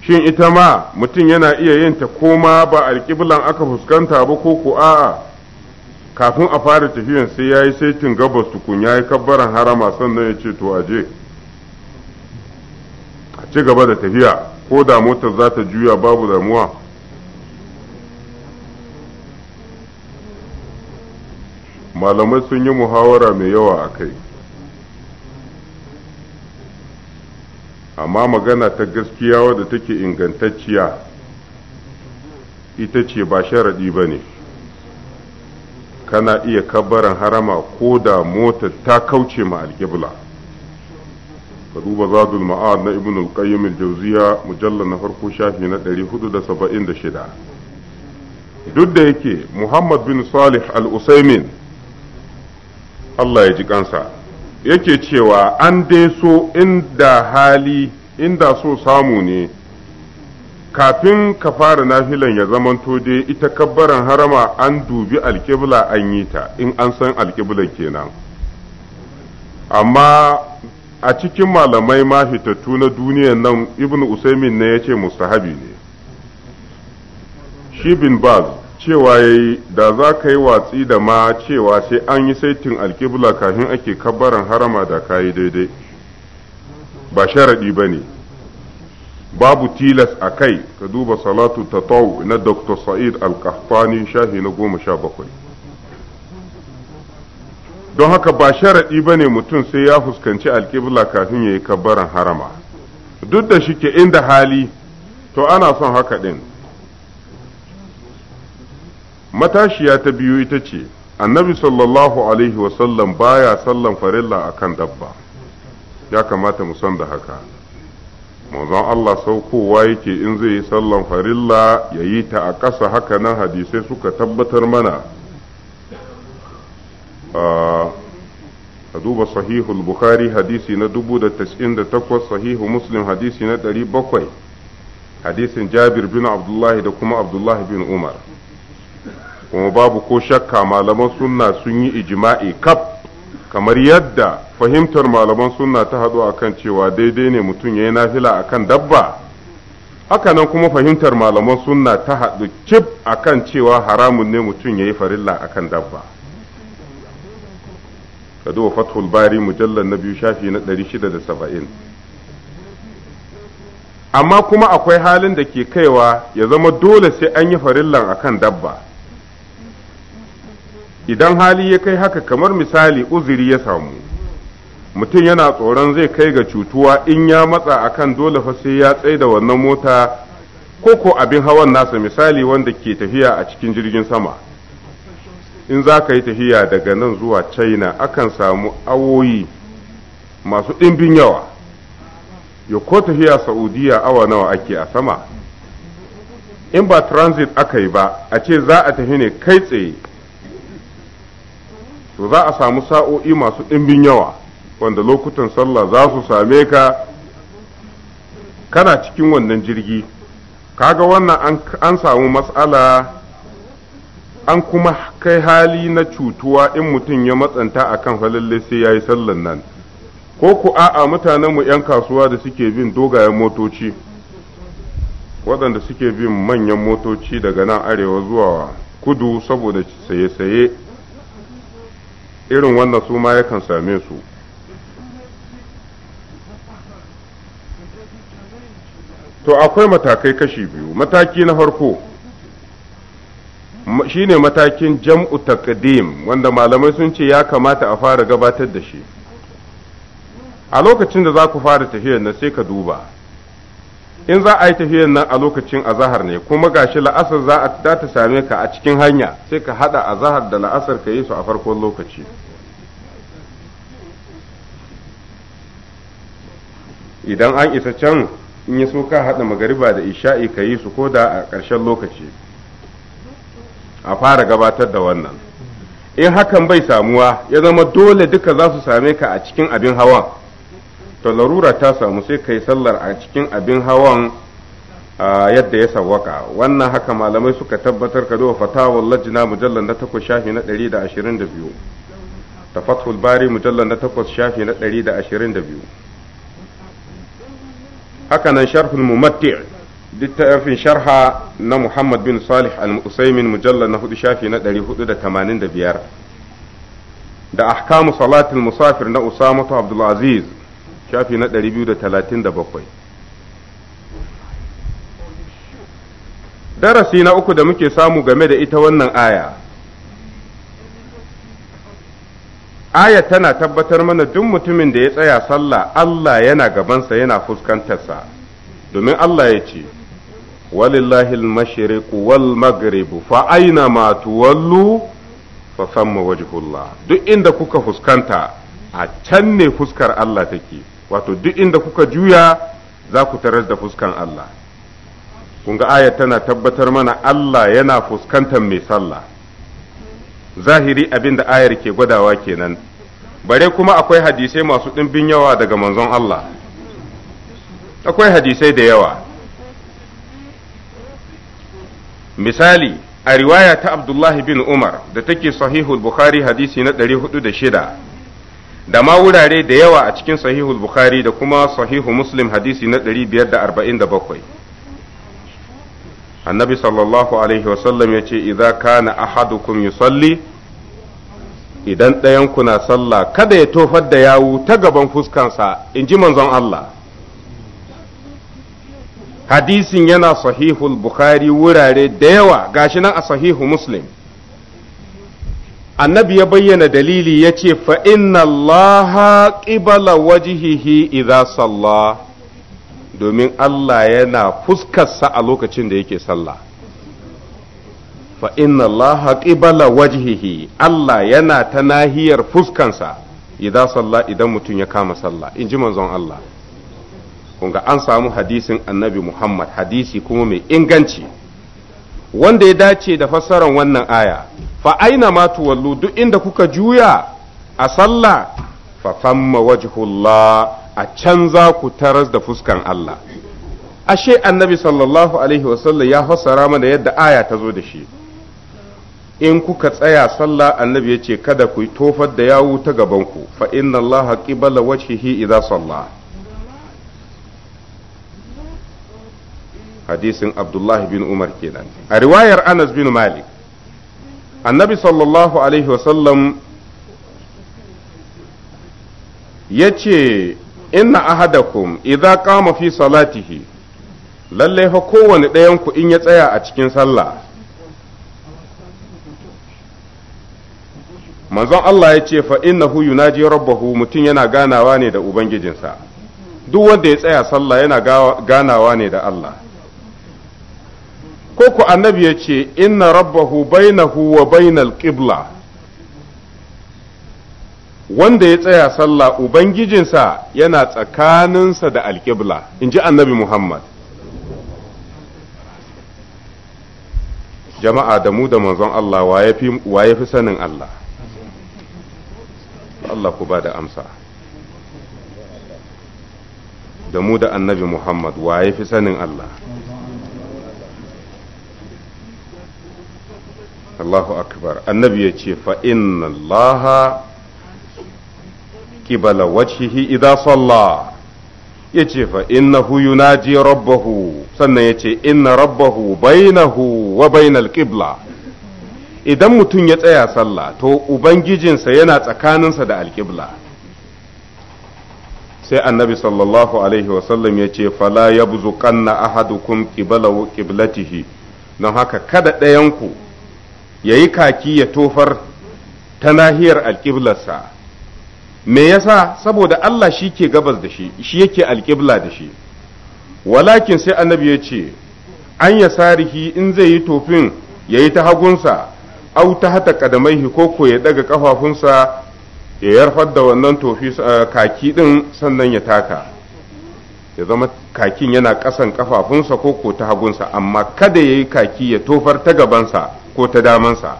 shin ita ma mutum yana iya yin ta koma ba alƙiblan aka fuskanta ba ko ku a'a kafin a fara tafiyan sai ya yi saitin gabas tukun ya yi kabbaran harama sannan ya ce to aje ci gaba da tafiya ko da motar za ta juya babu damuwa malamai sun yi muhawara mai yawa a kai amma magana ta gaskiya wadda take ingantacciya ita ce ba sharaɗi ba ne kana iya kabbaran harama ko da motar ta kauce ma alƙibla ka duba zadul ma'ad na ibn al-qayyim al-jawziya mujallal na farko shafi na 476 duk da yake muhammad bin salih al-usaimin Allah ya ji kansa yake cewa an dai so inda hali inda so samu ne kafin ka fara nafilan ya zamanto dai ita kabbaran harama an dubi alƙibla an yi ta in an san alƙiblan kenan amma a cikin malamai ma na duniyan nan ibn usaimin ne ya ce mustahabi ne shi bin baz cewa ya yi da za ka yi watsi da ma cewa sai an yi saitin alkibla kafin ake kabbaran harama da ka yi daidai ba sharaɗi ba ne babu tilas a kai ka duba salatu ta na dr sa'id al shafi na goma sha bakwai don haka ba sharaɗi ba ne mutum sai ya fuskanci alƙibla kafin ya yi kabbaran harama duk da shi ke inda hali to ana son haka ɗin matashiya ta biyu ita ce annabi sallallahu alaihi wasallam ba ya sallan farilla a kan dabba ya kamata mu san da haka manzon Allah kowa yake in zai yi sallan farilla ya yi ta a ƙasa haka nan hadisai suka tabbatar mana a duba sahihul bukhari hadisi na dubu da da takwas sahihu muslim hadisi na ɗari bakwai hadisin jabir bin abdullahi da kuma abdullahi bin umar kuma babu ko shakka malaman sunna sun yi ijima'i kaf kamar yadda fahimtar malaman sunna ta haɗu kan cewa daidai ne mutum ya yi nafila a kan dabba hakanan kuma fahimtar malaman sunna ta haɗu cif kan cewa haramun ne mutum ya yi farilla a kan dabba ka duba fathul bari mujallar na biyu shafi na 670 amma kuma akwai halin da ke kaiwa ya zama dole sai an yi farillan akan dabba idan hali ya kai haka kamar misali uzuri ya samu mutum yana tsoron zai kai ga cutuwa in ya matsa akan dole fa sai ya tsaye da wannan mota ko ko abin hawan nasa misali wanda ke tafiya a cikin jirgin sama in za ka yi tafiya daga nan zuwa china akan samu awoyi masu ɗimbin yawa ya ko tafiya saudiya awa nawa ake a sama in ba transit aka yi ba a ce za a tafi ne kai tsaye to za a samu sa'o'i masu ɗimbin yawa wanda lokutan sallah za su same ka kana cikin wannan jirgi kaga wannan an samu matsala an kuma kai hali na cutuwa in mutum ya matsanta a kan falalle sai ya yi sallan nan ko ku a'a mutanenmu 'yan kasuwa da suke bin dogayen motoci waɗanda suke bin manyan motoci daga nan arewa zuwa kudu saboda saye-saye irin wannan su ma yakan same su to akwai matakai kashi biyu mataki na farko shi ne matakin jam'u taqdim wanda malamai sun ce ya kamata a fara gabatar da shi a lokacin da za ku fara tafiyar nan sai ka duba in za a yi tafiyar nan a lokacin azahar ne kuma gashi la'asar za a ta same ka a cikin hanya sai ka hada azahar da la'asar ka yi su a farkon lokaci idan an isa can in yi so ka hada magariba da isha'i ka yi su ko da a ƙarshen lokaci a fara gabatar da wannan in hakan bai samuwa ya zama dole duka za su same ka a cikin abin hawan to larura ta samu sai ka yi sallar a cikin abin hawan yadda ya sawwaka wannan haka malamai suka tabbatar ka duba fatawar lajina mujallar na takwas shafi na 122 da fathul bari mujallar na takwas shafi na 122 haka nan sharhul mumatti'i littafin sharha na Muhammad bin Salih al-Usaimin mujallar na hudu shafi na 485 da ahkamu salatul musafir na usama Abdul Aziz shafi na 237 darasi na uku da muke samu game da ita wannan aya aya tana tabbatar mana duk mutumin da ya tsaya sallah Allah yana gabansa yana fuskantarsa domin Allah ya ce walillahi al-mashriq wal maghrib aina ma duk inda kuka fuskanta a can ne fuskar Allah take wato duk inda kuka juya za ku tarar da fuskan Allah kun ga ayat tana tabbatar mana Allah yana fuskantar mai sallah zahiri abinda ayar ke gwadawa kenan bare kuma akwai hadisai masu ɗimbin yawa daga manzon Allah akwai hadisai da yawa misali a riwaya ta abdullahi bin umar da take sahihul bukhari hadisi na 406 da ma wurare da yawa a cikin sahihul bukhari da kuma sahihu muslim hadisi na 547 annabi sallallahu alaihi wasallam ya ce idza kana ahadukum yusalli idan ɗayanku na sallah kada ya tofar da yawu ta gaban fuskansa in ji manzon Allah hadisin yana sahihul bukhari wurare da yawa gashi nan a sahihu muslim annabi ya bayyana dalili ya ce fa inna allaha wajihihi idza salla domin Allah yana fuskarsa a lokacin da yake sallah fa inna allaha wajihihi Allah yana ta nahiyar fuskansa idza salla idan mutum ya kama sallah in ji manzon Allah kunga an samu hadisin annabi Muhammad hadisi kuma mai inganci wanda ya dace da fassarar wannan aya fa aina ma tuwallu duk inda kuka juya a sallah fa famma wajhullah a can za ku taras da fuskan Allah ashe annabi sallallahu alaihi wasallam ya fassara mana yadda aya ta zo da shi in kuka tsaya sallah annabi ya ce kada ku tofar da yawu ta gabanku fa inna allaha qibala wajhihi idza sallah hadisin abdullahi bin umar kenan a riwayar anas bin malik annabi sallallahu alaihi wasallam ya ce inna ahadakum idza qama fi salatihi lallai fa kowane ɗayanku in ya tsaya a cikin sallah manzon Allah ya ce fa innahu yunaji rabbahu mutum yana ganawa ne da ubangijinsa duk wanda ya tsaya sallah yana ganawa ne da Allah ko ku annabi ya ce inna rabbahu bainahu wa bainal qibla wanda ya tsaya sallah ubangijinsa yana tsakaninsa da alƙibla in ji annabi muhammad jama'a da mu da manzon allah wa ya fi sanin allah allah ku ba da amsa da mu da annabi muhammad wa ya fi sanin allah Allahu akbar annabi ya ce fa inna allaha qibala wajhihi idza salla ya ce fa innahu yunaji rabbahu sannan ya ce bainahu idan mutum ya tsaya sallah to ubangijinsa yana tsakaninsa da alkibla sai annabi sallallahu alaihi wasallam ya ce fala ya buzu kanna ahadukum qibla qiblatihi don haka kada ɗayanku ya yi kaki ya tofar ta nahiyar alƙiblarsa me yasa saboda Allah shi ke gabas da shi shi yake alƙibla da shi walakin sai annabi ya ce an ya sarihi in zai yi tofin ya yi ta hagunsa au ta hata kadamaihi hikoko ya daga kafafunsa ya yarfar da wannan tofi eh, kaki din sannan ya taka ya zama kakin yana ƙasan kafafunsa koko ta hagunsa amma kada ya yi kaki ya tofar ta gabansa ko ta damansa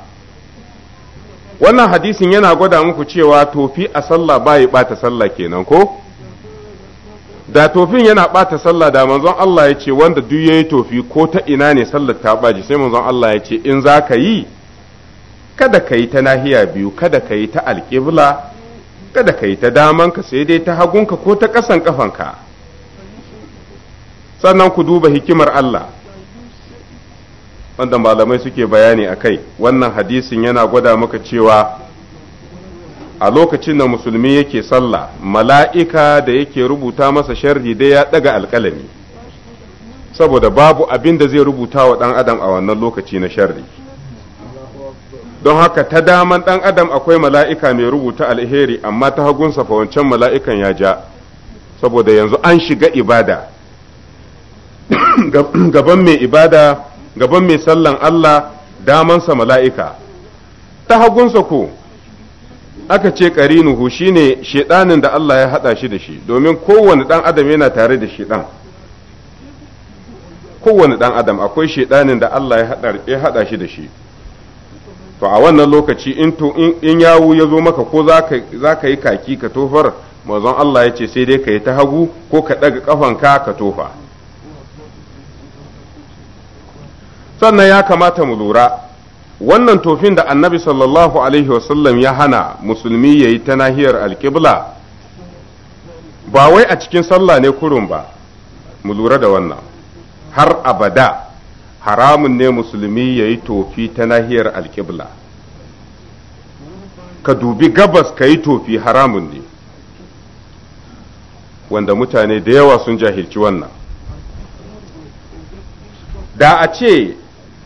wannan hadisin yana gwada muku cewa tofi a sallah bai bata sallah kenan ko da tofin yana bata sallah da manzon Allah ya ce wanda duk yayi tofi ko ta ina ne sallar ta baji sai manzon Allah ya ce in za ka yi kada ka yi ta nahiya biyu kada ka yi ta alƙibla kada ka yi ta damanka sai dai ta hagunka ko ta ƙasan ƙafanka sannan ku duba hikimar Allah wanda malamai suke bayani a kai wannan hadisin yana gwada maka cewa a lokacin da musulmi yake sallah mala'ika da yake rubuta masa sharri dai ya ɗaga alƙalami saboda babu abin da zai rubuta wa ɗan adam a wannan lokaci na sharri don haka ta daman ɗan adam akwai mala'ika mai rubuta alheri amma ta hagunsa fa mala'ikan ya ja saboda yanzu an shiga ibada gaban mai ibada gaban mai sallan Allah damansa mala'ika ta hagunsa ko aka ce ƙarinuhu shine shaiɗanin da Allah ya haɗa shi da shi domin kowane ɗan adam yana tare da shaiɗan kowane ɗan adam akwai shaiɗanin da Allah ya haɗa shi da shi to a wannan lokaci in yawu ya zo maka ko za ka yi kaki ka tofar mazan Allah ya ce sai dai ka yi ta hagu ko ka ɗaga ƙafanka ka tofa sannan ya kamata mu lura wannan tofin da annabi sallallahu alaihi wasallam ya hana musulmi ya yi ta nahiyar alkibla ba wai a cikin sallah ne kurun ba mu lura da wannan har abada haramun ne musulmi ya yi tofi ta nahiyar alkibla ka dubi gabas ka yi tofi haramun ne wanda mutane da yawa sun jahilci wannan da a ce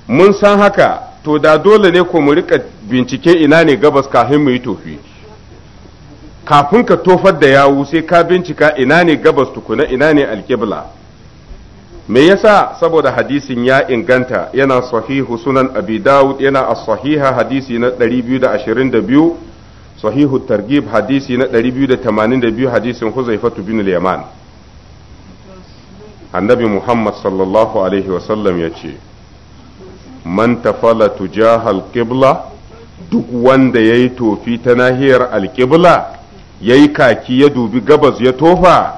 mun san haka to da dole ne ko mu rika bincike ina ne gabas kafin mu yi tofi kafin ka tofar da yawu sai ka bincika ina ne gabas tukuna ina ne alkibla me yasa saboda hadisin ya inganta yana sahihu sunan abi dawud yana as-sahiha hadisi na 222 sahihu targhib hadisi na 282 hadisin huzaifatu bin yaman annabi muhammad sallallahu alaihi wasallam ya ce man tafala tujahal qibla duk wanda ya yi tofi ta nahiyar alƙibla ya yi kaki ya dubi gabas ya tofa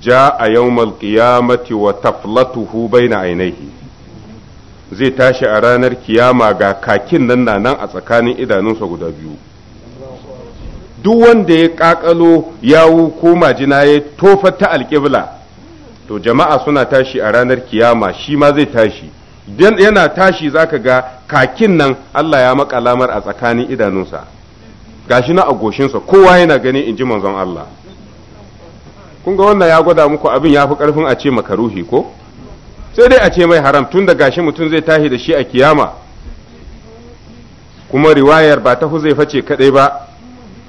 ja a yawmal qiyamati wa taflatuhu baina ainihi zai tashi a ranar kiyama ga kakin nan na nan a tsakanin idanunsa guda biyu duk wanda ya kakalo yawu ko majina ya tofa ta alƙibla to jama'a suna tashi a ranar kiyama shi ma zai tashi yana tashi zaka ga kakin nan Allah ya maka lamar a tsakanin idanunsa gashi na agoshinsa kowa yana gani in ji manzon Allah kun ga wannan ya gwada muku abin ya fi karfin a ce makaruhi ko sai dai a ce mai haram tun da gashi mutum zai tashi da shi a kiyama kuma riwayar ba ta zai face kadai ba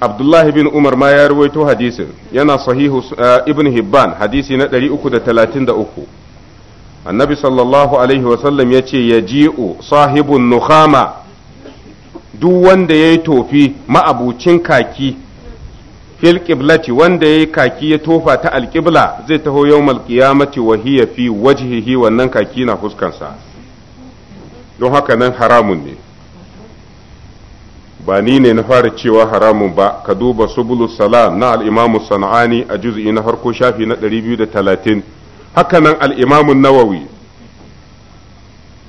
abdullahi bin umar ma ya ruwaito hadisin yana sahihu eh, ibn hibban hadisi na 333 annabi sallallahu alaihi wasallam ya ce ya ji'u sahibun nukhama duk wanda ya yi tofi ma'abucin kaki fil qiblati wanda ya yi kaki ya tofa ta alƙibla zai taho yawmal qiyamati wa hiya fi wajhihi wannan kaki na fuskansa don haka nan haramun ne ba ni ne na fara cewa haramun ba ka duba subulus salam na al-imamu sana'ani a juz'i na farko shafi na 230 hakanan al'imamun nawawi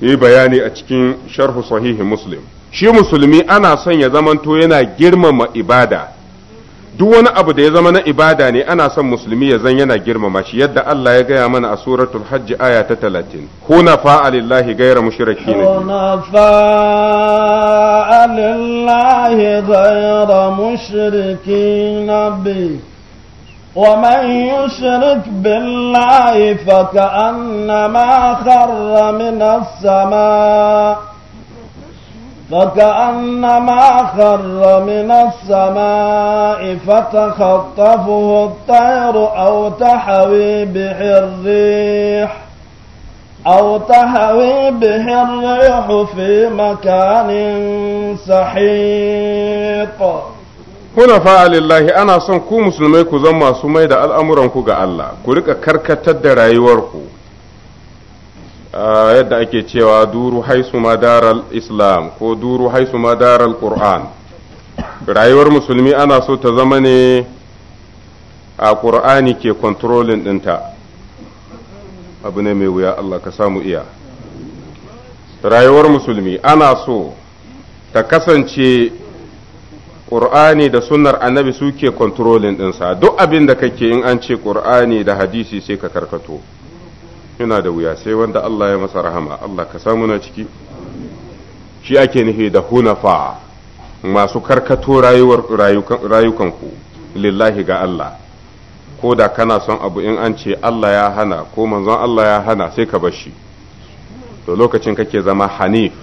yi bayani a cikin sharhu sahihi muslim shi musulmi ana son ya zamanto yana girmama ibada duk wani abu da ya zama na ibada ne ana son musulmi ya zan yana girmama shi yadda Allah ya gaya mana a suratul hajji aya ta talatin huna fa'a lillahi gaira mushriki ne huna fa'a lillahi gaira mushriki na ومن يشرك بالله فكأنما خر من السماء فكأنما خر من السماء فتخطفه الطير أو تحوي به الريح أو تهوي به الريح في مكان سحيق fa'a lillahi ana son ku musulmai ku zan masu mai da al'amuranku ga Allah ku rika karkatar da rayuwarku yadda ake cewa duru haisu madaral islam ko duru haisu madaral qur'an rayuwar musulmi ana so ta zama ne a qur'ani ke kontrolin ɗinta abu ne mai wuya Allah ka samu iya rayuwar musulmi ana so ta kasance ƙur'ani da sunnar annabi suke kontrolin ɗinsa duk abin da kake in an ce ƙur'ani da hadisi sai ka karkato yana da wuya sai wanda Allah ya masa rahama Allah ka samu na ciki shi ake nufi da hunafa masu karkato rayukanku lillahi ga Allah ko da kana son abu in an ce Allah ya hana ko manzon Allah ya hana sai ka bar shi to lokacin kake zama hanif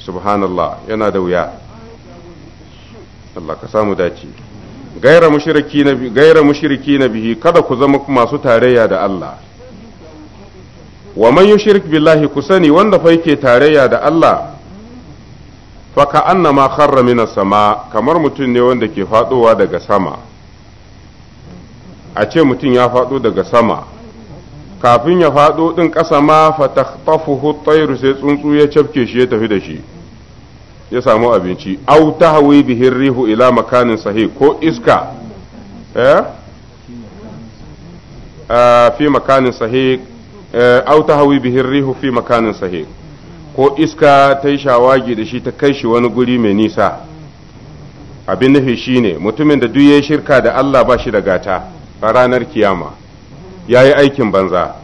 subhanallah yana da wuya Allah ka samu dace gaira mushriki na gaira mushriki na bihi kada ku zama masu tarayya da Allah wa man yushrik billahi kusani wanda fa yake tarayya da Allah fa ka annama kharra minas sama kamar mutum ne wanda ke fadowa daga sama a ce mutum ya faɗo daga sama kafin ya faɗo din kasa ma fa takhtafuhu at sai tsuntsu ya cafke shi ya tafi da shi ya samu abinci au hawi bihin rihu ila makanin sahih ko iska eh ah, fi makanin sahih eh, au hawi bihin rihu fi makanin sahih ko iska ta yi shawagi da shi ta kai shi wani guri mai nisa abin nufi ne mutumin da duk ya shirka da Allah ba shi da gata a ranar kiyama ya yi aikin banza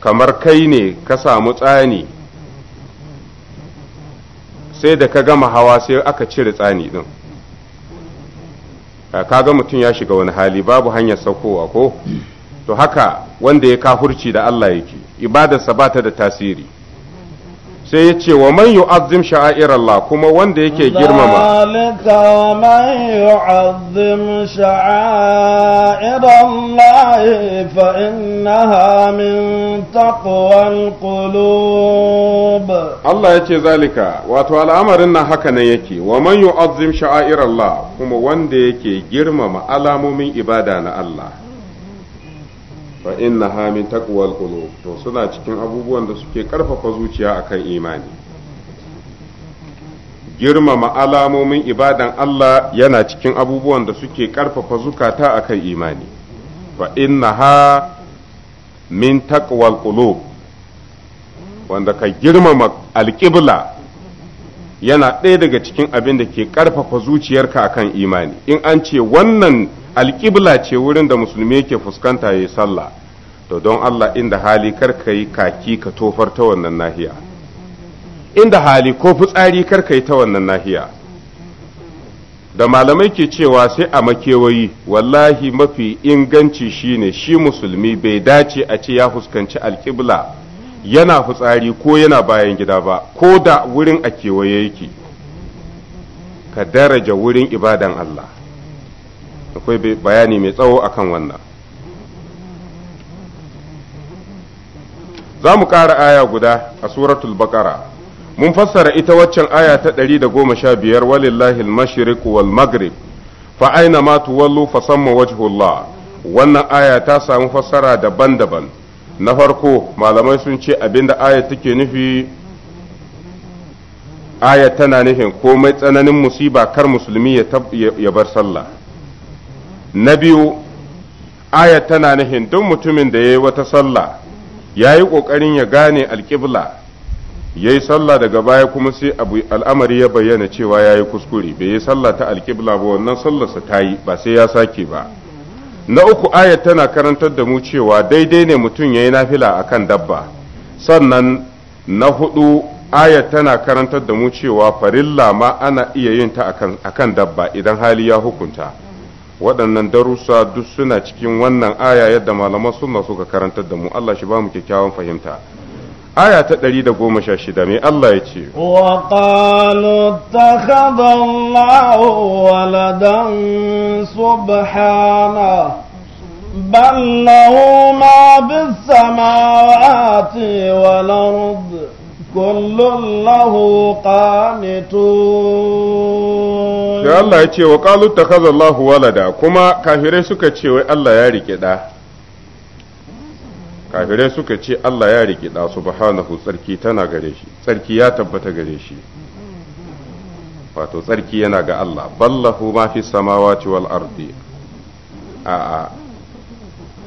kamar kai ne ka samu tsani sai da ka gama hawa sai aka cire tsani din ah, kaga mutum ya shiga wani hali babu hanyar saukowa ko to haka wanda ya kafurci da Allah yake ibadarsa ba ta da tasiri sai ya ce wa man yu'azzim sha'air Allah kuma wanda yake girmama zalika wa man yu'azzim sha'air Allah fa innaha min taqwal qulub Allah yace zalika wato al'amarin nan haka nan yake wa man yu'azzim sha'air Allah kuma wanda yake girmama alamomin ibada na Allah fa ha min taqwal qulub to suna cikin abubuwan da suke karfafa zuciya akan imani girmama alamomin ibadan Allah yana cikin abubuwan da suke karfafa zukata akan imani fa ha min taqwal qulub wanda ka girmama alƙibla yana ɗaya daga cikin abin da ke ƙarfafa zuciyarka akan imani in an ce wannan alƙibla ce wurin da musulmi yake fuskanta ya yi sallah to don Allah inda hali kar yi kaki ka tofar ta wannan nahiya inda hali ko fitsari kar ka yi ta wannan nahiya da malamai ke cewa sai a makewayi wallahi mafi inganci shine shi musulmi bai dace a ce ya fuskanci alƙibla yana fitsari ko yana bayan gida ba ko da wurin a kewaye yake ka daraja wurin ibadan Allah akwai bayani mai tsawo akan wannan za mu ƙara aya guda a suratul baƙara mun fassara ita waccan aya ta ɗari da goma sha biyar walillahi al-mashriq wal maghrib fa aina ma tuwallu fa samma wajhullah wannan aya ta samu fassara daban-daban na farko malamai sun ce abinda aya take nufi aya tana nufin komai tsananin musiba kar musulmi ya bar sallah na biyu ayat tana nufin duk mutumin da ya yi wata sallah ya yi ƙoƙarin ya gane alƙibla ya yi sallah daga baya kuma sai al'amari ya bayyana cewa ya yi kuskure bai yi sallah ta alƙibla ba wannan sallarsa ta yi ba sai ya sake ba na uku ayat tana karantar da mu cewa daidai ne mutum ya yi nafila akan dabba sannan na hudu ayat tana karantar da mu cewa farilla ma ana iya yin ta a kan dabba idan hali ya hukunta waɗannan darussa duk suna cikin wannan aya yadda malaman sunna suka karantar da mu Allah shi ba mu kyakkyawan fahimta aya ta ɗari da goma sha shida me Allah ya ce wa qalu waladan subhana bal lahu ma bis samawati wal ard kullu lahu qanitun sai Allah ya ce wa qalu takhazallahu walada kuma kafirai suka ce wai Allah ya rike ɗa kafirai suka ce Allah ya rike da subhanahu tsarki tana gare shi tsarki ya tabbata gare shi wato tsarki yana ga Allah ballahu ma fi samawati wal ardi a a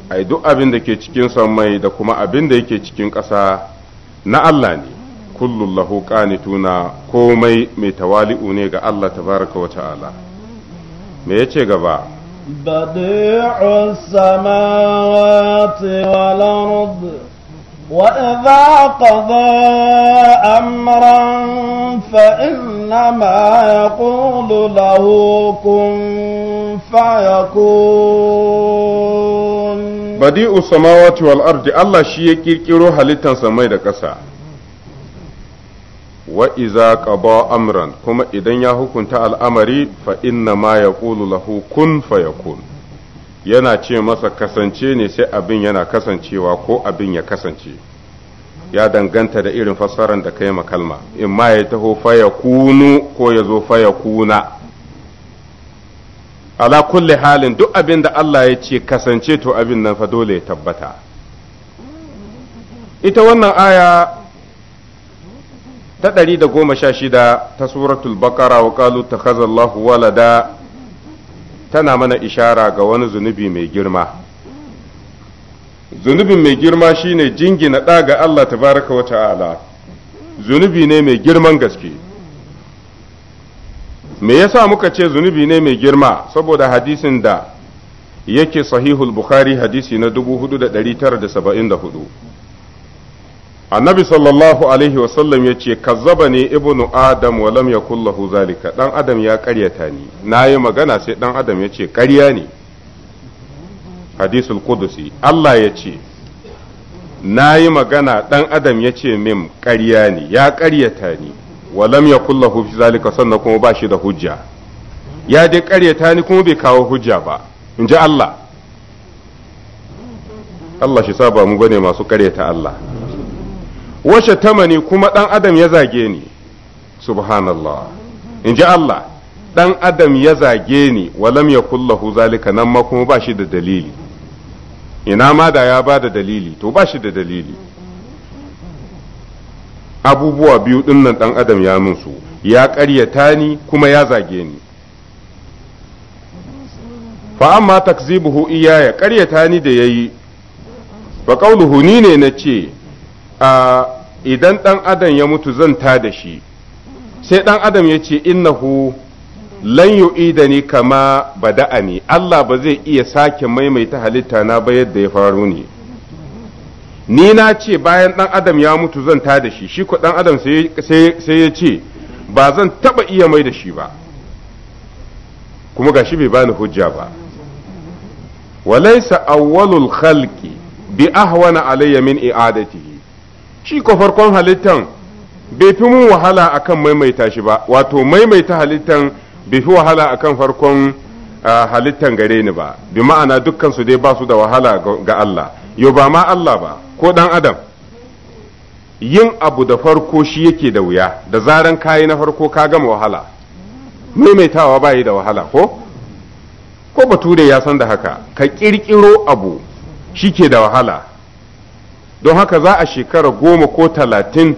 ai duk abin da ke cikin sammai da kuma abin da yake cikin ƙasa na Allah ne kullun lahu qanituna komai mai tawali'u ne ga Allah tabaraka wa ta'ala me yace gaba badi'u samawati wal ard wa idha qada amran fa innama yaqulu lahu kun fayakun badi'u samawati wal ard Allah shi ya kirkiro halittan samai da ƙasa wa iza qada amran kuma idan ya hukunta al'amari fa inna ma yaqulu lahu kun fayakun yana ce masa kasance ne sai abin yana kasancewa ko abin ya kasance ya danganta da irin fassarar da kai makalma in ma ya taho fayakunu ko ya zo fayakuna ala kulli halin duk abin da Allah ya ce kasance to abin nan fa dole ya tabbata ita wannan aya ta ɗari da goma sha shida ta suratul bakara wa ƙalu ta kazallahu walada tana mana ishara ga wani zunubi mai girma zunubin mai girma shine jingina ɗa ga Allah tabaraka wa ta'ala zunubi ne mai girman gaske me yasa muka ce zunubi ne mai girma saboda hadisin da yake sahihul bukhari hadisi na 4974 annabi sallallahu alaihi wasallam ya ce kazzaba ne ibnu adam wa lam yakul lahu zalika dan adam ya karyata ni nayi magana sai dan adam ya ce karya ne hadisul qudusi Allah ya ce nayi magana dan adam ya ce min karya ne ya karyata ni wa lam yakul lahu fi zalika sannan kuma ba shi da hujja ya dai karyata ni kuma bai kawo hujja ba in ji Allah Allah shi saba mu bane masu karyata Allah washe tamani kuma ɗan adam ya zage ni subhanallah in ji Allah ɗan adam ya zage ni walam ya kulla hu, zalika nan ma kuma ba shi da dalili ina ma da ya ba da dalili to ba shi da dalili abubuwa biyu ɗinnan ɗan adam ya min su ya ƙaryata ni kuma ya zage ni fa amma takzibuhu iyaya ƙaryata ni da ya yi. ba ƙaunuhu ni ne na ce idan ɗan adam ya mutu zan ta da shi sai ɗan adam ya ce innahu lan yu'idani kama ni. Allah ba zai iya sake maimaita halitta na ba yadda ya faru ne ni na ce bayan ɗan adam ya mutu zan ta da shi shi ko ɗan adam sai ya ce ba zan taɓa iya mai da shi ba kuma gashi bai bani hujja ba walaisa awwalul khalqi bi ahwana alayya min i'adatihi shi ko farkon halittan bai fi mun wahala akan maimaita shi ba wato maimaita halittan bai fi wahala akan farkon ah, halittan gare ni ba bi ma'ana dukkan su dai ba su da wahala ga Allah yo ba ma Allah ba ko ɗan adam yin abu da farko shi yake da wuya da zaran kayi na farko ka gama wahala maimaitawa ba yi da wahala ko ko bature ya san da haka ka kirkiro abu shi ke da wahala don haka za a shekara goma ko talatin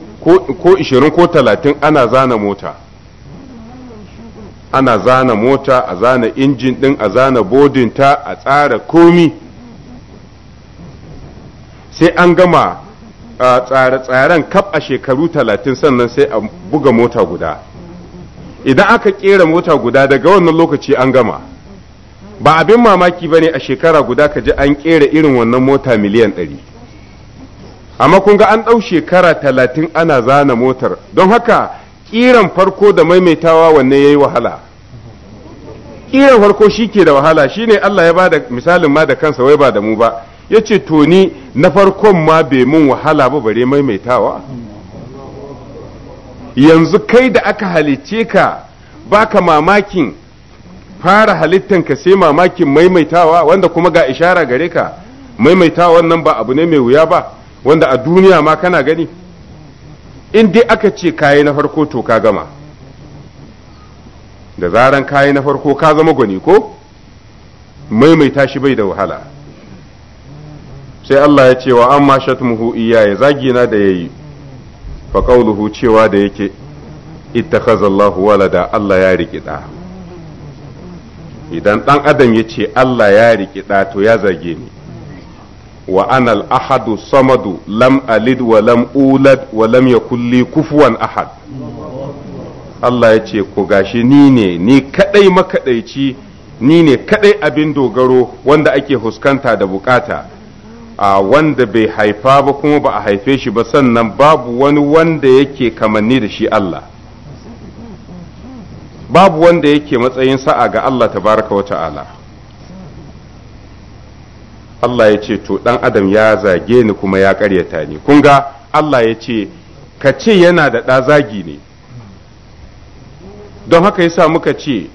ko ishirin ko talatin ana zana mota ana zana mota a zana injin ɗin a zana bodinta a tsara komi sai an gama tsare-tsaren kaf a shekaru talatin sannan sai a buga mota guda idan aka kera mota guda daga wannan lokaci an gama ba abin mamaki ba ne a shekara guda ka ji an kera irin wannan mota miliyan ɗari amma kun ga an ɗau shekara talatin ana zana motar don haka ƙiran farko da maimaitawa wanne ya yi wahala ƙiran farko shi ke da wahala shi ne Allah ya ba da misalin ma da kansa wai ba da mu ba ya ce to ni na farkon ma bai mun wahala ba bare maimaitawa yanzu kai da aka halicce ka baka mamakin fara ka sai mamakin maimaitawa wanda kuma ga ishara gare ka maimaitawa wannan ba abu ne mai wuya ba wanda a duniya ma kana gani in dai aka ce kayi na farko to ka gama da zaran kayi na farko ka zama gwani ko maimaita shi bai da wahala sai Allah ya ce wa iya ya zagi na da yayi fa qawluhu cewa da yake ittakhadha Allahu walada Allah ya riki da idan dan adam ya ce Allah ya riki da to ya zage ni wa anal ahadu samadu lam alid wa lam ulad wa lam yakul li kufuwan ahad Allah ya ce ku gashi ni ne ni kadai makadaici ni ne kadai abin dogaro wanda ake huskanta da bukata a wanda bai haifa ba kuma ba a haife shi ba sannan babu wani wanda yake kamanni da shi Allah babu wanda yake matsayin sa'a ga Allah tabaraka wa Allah ya ce to ɗan adam ya zage ni kuma ya karyata ni kun ga Allah ya ce ka ce yana da ɗa zagi ne don haka ya sa muka ce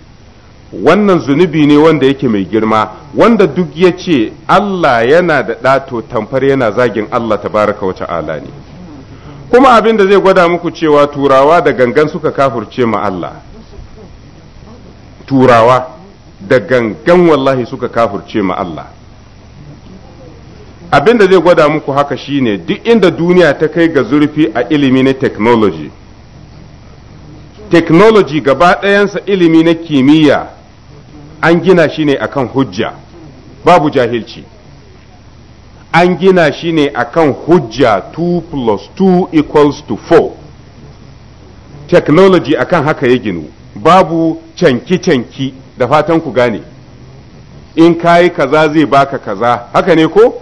wannan zunubi ne wanda yake mai girma wanda duk ya ce Allah yana da ɗa to tamfar yana zagin Allah tabaraka wa ta'ala ne kuma abin da zai gwada muku cewa turawa da gangan suka kafurce ma Allah turawa da gangan wallahi suka kafurce ma Allah abin da zai gwada muku haka shine duk inda duniya ta kai ga zurfi a ilimi na technology technology gaba ɗayansa ilimi na kimiyya an gina shi ne akan hujja babu jahilci an gina shi ne akan hujja 2 plus 2 equals to 4 technology akan haka ya ginu babu canki-canki da fatan ku gane in kayi kaza zai baka kaza haka ne ko?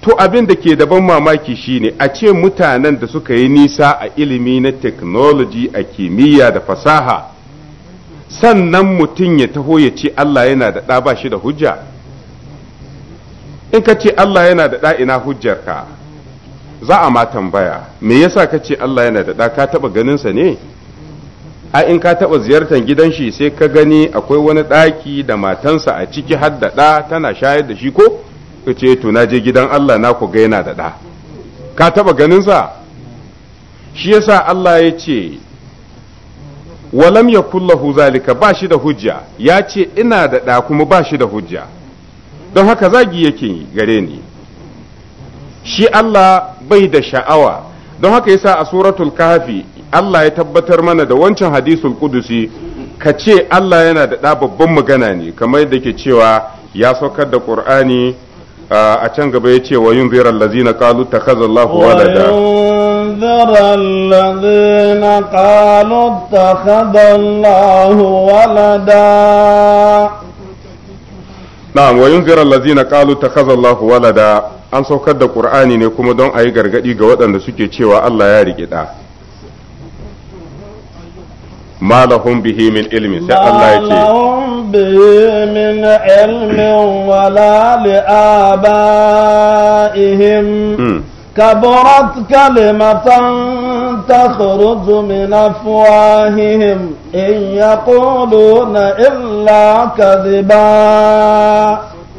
to abin da ke daban mamaki shine a ce mutanen da suka yi nisa a ilimi na technology a kimiyya da fasaha sannan mutum ya taho ya ce Allah yana da ɗa ba shi da hujja in ka ce Allah yana da ɗa ina hujjarka za a ma tambaya me yasa ka ce Allah yana da ɗa ka taɓa ganinsa ne a in ka taɓa ziyartar gidan shi sai ka gani akwai wani ɗaki da matansa a ciki har da ɗa tana shayar da shi ko ce to na je gidan Allah na ku ga yana da ɗa ka taba ganin sa shi yasa Allah ya ce walam ya kullahu zalika ba shi da hujja ya ce ina da ɗa kuma ba shi da hujja don haka zagi yake gare ni shi Allah bai da sha'awa don haka yasa a suratul kahfi Allah ya tabbatar mana da wancan hadisul kudusi ka ce Allah yana da ɗa babban magana ne kamar da ke cewa ya saukar da ƙur'ani a can gaba ya ce wa yin zirar lazina kalu ta kazallahu walada وينذر الذين قالوا اتخذ الله ولدا نعم kalu ta kaza اتخذ wa ولدا an saukar da Kur'ani ne kuma don a yi gargaɗi ga waɗanda suke cewa Allah ya riƙe ma lahum bihi min ilmin sai Allah ya ce به من علم ولا لآبائهم كبرت كلمة تخرج من أفواههم إن يقولون إلا كذبا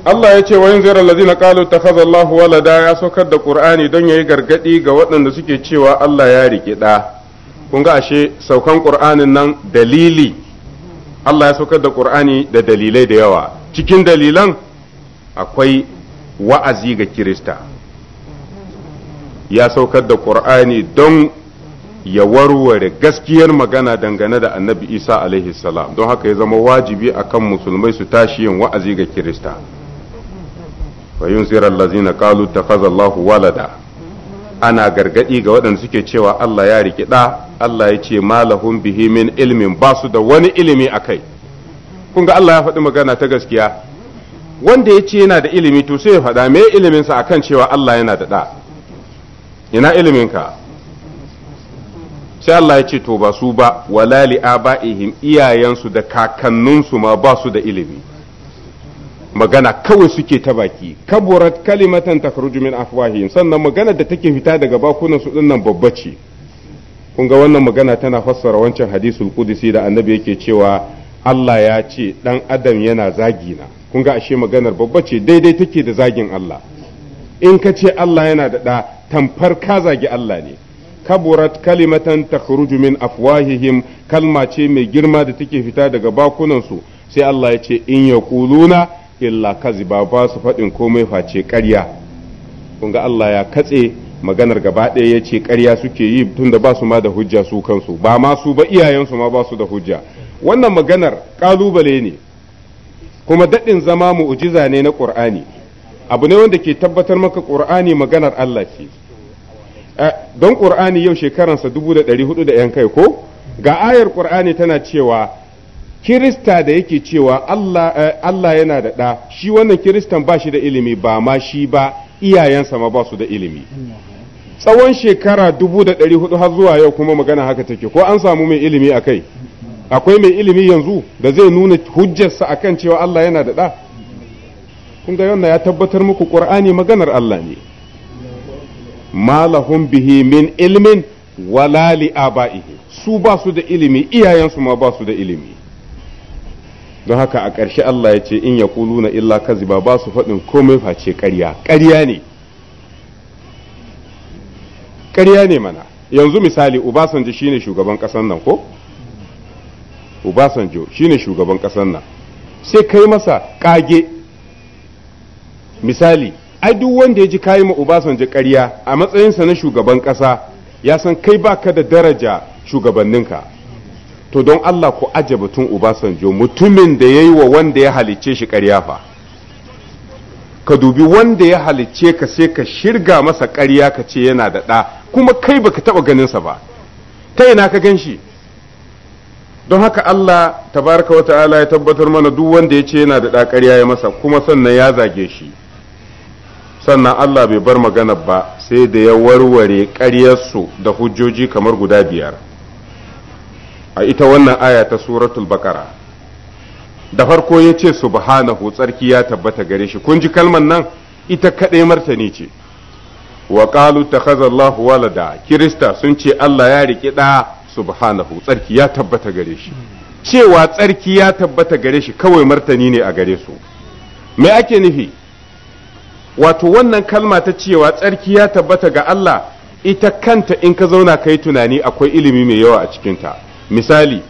Allah ya ce wa yin zirar lazina kalu takhadha Allahu walada ya saukar da ƙur'ani don yayi gargadi ga waɗanda suke cewa Allah ya riƙe ɗa. kun ga ashe saukan qur'anin nan dalili Allah ya saukar da qur'ani da dalilai da yawa cikin dalilan akwai wa'azi ga kirista ya saukar da ƙur'ani don ya warware gaskiyar magana dangane da annabi isa alaihi salam don haka ya zama wajibi akan musulmai su tashi yin wa'azi ga kirista wa yunzira allazina qalu walada ana gargadi ga waɗanda suke cewa Allah ya riki ɗa Allah ya ce malahun bihi min ilmin ba su da wani ilimi a kai kun ga Allah ya faɗi magana ta gaskiya wanda ya ce yana da ilimi to sai ya faɗa me iliminsa a kan cewa Allah yana da ɗa ina iliminka sai Allah ya ce to ba su ba walali aba'ihim iyayensu da kakanninsu ma ba su da ilimi magana kawai suke ta baki kaburat kalimatan takhruju min afwahihim sannan magana da take fita daga bakunan su dinnan babba ce kun ga wannan magana tana fassara wancan hadisul qudsi da annabi yake cewa Allah ya ce dan adam yana zagina kun ga ashe maganar babba ce daidai take da zagin Allah in ka ce Allah yana da da tamfar ka zagi Allah ne kaburat kalimatan takhruju min afwahihim kalma ce mai girma da take fita daga bakunan su sai Allah ya ce in yaquluna illa kazi ba su faɗin komai face ƙarya kun ga Allah ya katse maganar gaba ɗaya ya ce ƙarya suke yi tunda ba su ma da hujja su kansu ba ma su ba iyayensu ma ba su da hujja wannan maganar ƙalubale ne kuma daɗin zama mu'ujiza ne na ƙur'ani abu ne wanda ke tabbatar maka ƙur'ani maganar Allah ce eh, don ƙur'ani yau shekaransa dubu da ɗari hudu da ‘yan kai ko ga ayar ƙur'ani tana cewa kirista da yake cewa eh, Allah yana da ɗa shi wannan kiristan ba shi da ilimi ba ma shi ba iyayensa ma ba su da ilimi tsawon shekara dubu da ɗari hudu har zuwa yau kuma magana haka take ko an samu mai ilimi a kai akwai mai ilimi yanzu da zai nuna hujjarsa a kan cewa Allah yana da ɗa kun ga wannan ya tabbatar muku ƙur'ani maganar Allah ne malahum bihi min ilmin wala li abaihi su ba su da ilimi iyayensu ma ba su da ilimi don haka a ƙarshe Allah ya ce in ya kuluna illa kaziba ba su faɗin komai face ƙarya ƙarya ne ƙarya ne mana yanzu misali Obasanjo shine shugaban ƙasar nan ko Obasanjo shine shugaban ƙasar nan sai kai masa ƙage misali ai duk wanda ya ji kayi ma Obasanjo ƙarya a matsayinsa na shugaban ƙasa ya san kai baka da daraja shugabanninka to don Allah ku aje batun uba Obasanjo mutumin da ya yi wa wanda ya halicce shi ƙarya fa ka dubi wanda ya halicce ka sai ka shirga masa ƙarya ka ce yana da ɗa kuma kai baka taɓa ganinsa ba ta ina ka gan shi don haka Allah tabaraka wa ta'ala ya tabbatar mana duk wanda ya ce yana da ɗa ƙarya ya masa kuma sannan ya zage shi sannan Allah bai bar magana ba sai da ya warware ƙaryarsu da hujjoji kamar guda biyar a ita wannan aya ta suratul baqara da farko ya ce subhanahu tsarki ya tabbata gare shi kun ji kalman nan ita kaɗai martani ce wa qalu takhazallahu walada kirista sun ce Allah ya riki ɗa subhanahu tsarki ya tabbata gare shi cewa tsarki ya tabbata gare shi kawai martani ne a gare su me ake nufi wato wannan kalma ta cewa tsarki ya tabbata ga Allah ita kanta in ka zauna ka tunani akwai ilimi mai yawa a cikinta misali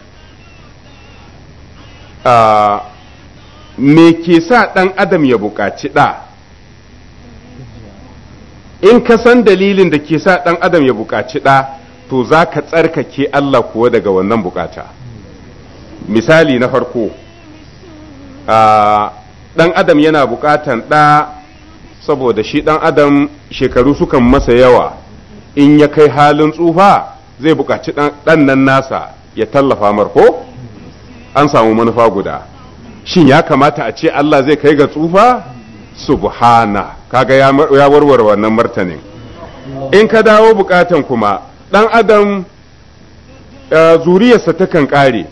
me ke sa ɗan adam ya buƙaci ɗa in ka san dalilin da ke sa ɗan adam ya buƙaci ɗa to za ka tsarkake Allah kuwa daga wannan buƙata misali na farko ɗan adam yana buƙatan ɗa saboda shi ɗan adam shekaru sukan masa yawa in ya kai halin tsufa zai buƙaci ɗan nan nasa ya tallafa mar ko an samu manufa guda shin ya kamata a ce Allah zai kai ga tsufa subhana kaga ya warware wannan martanin in ka dawo bukatan kuma dan adam eh, zuriyarsa ta kan kare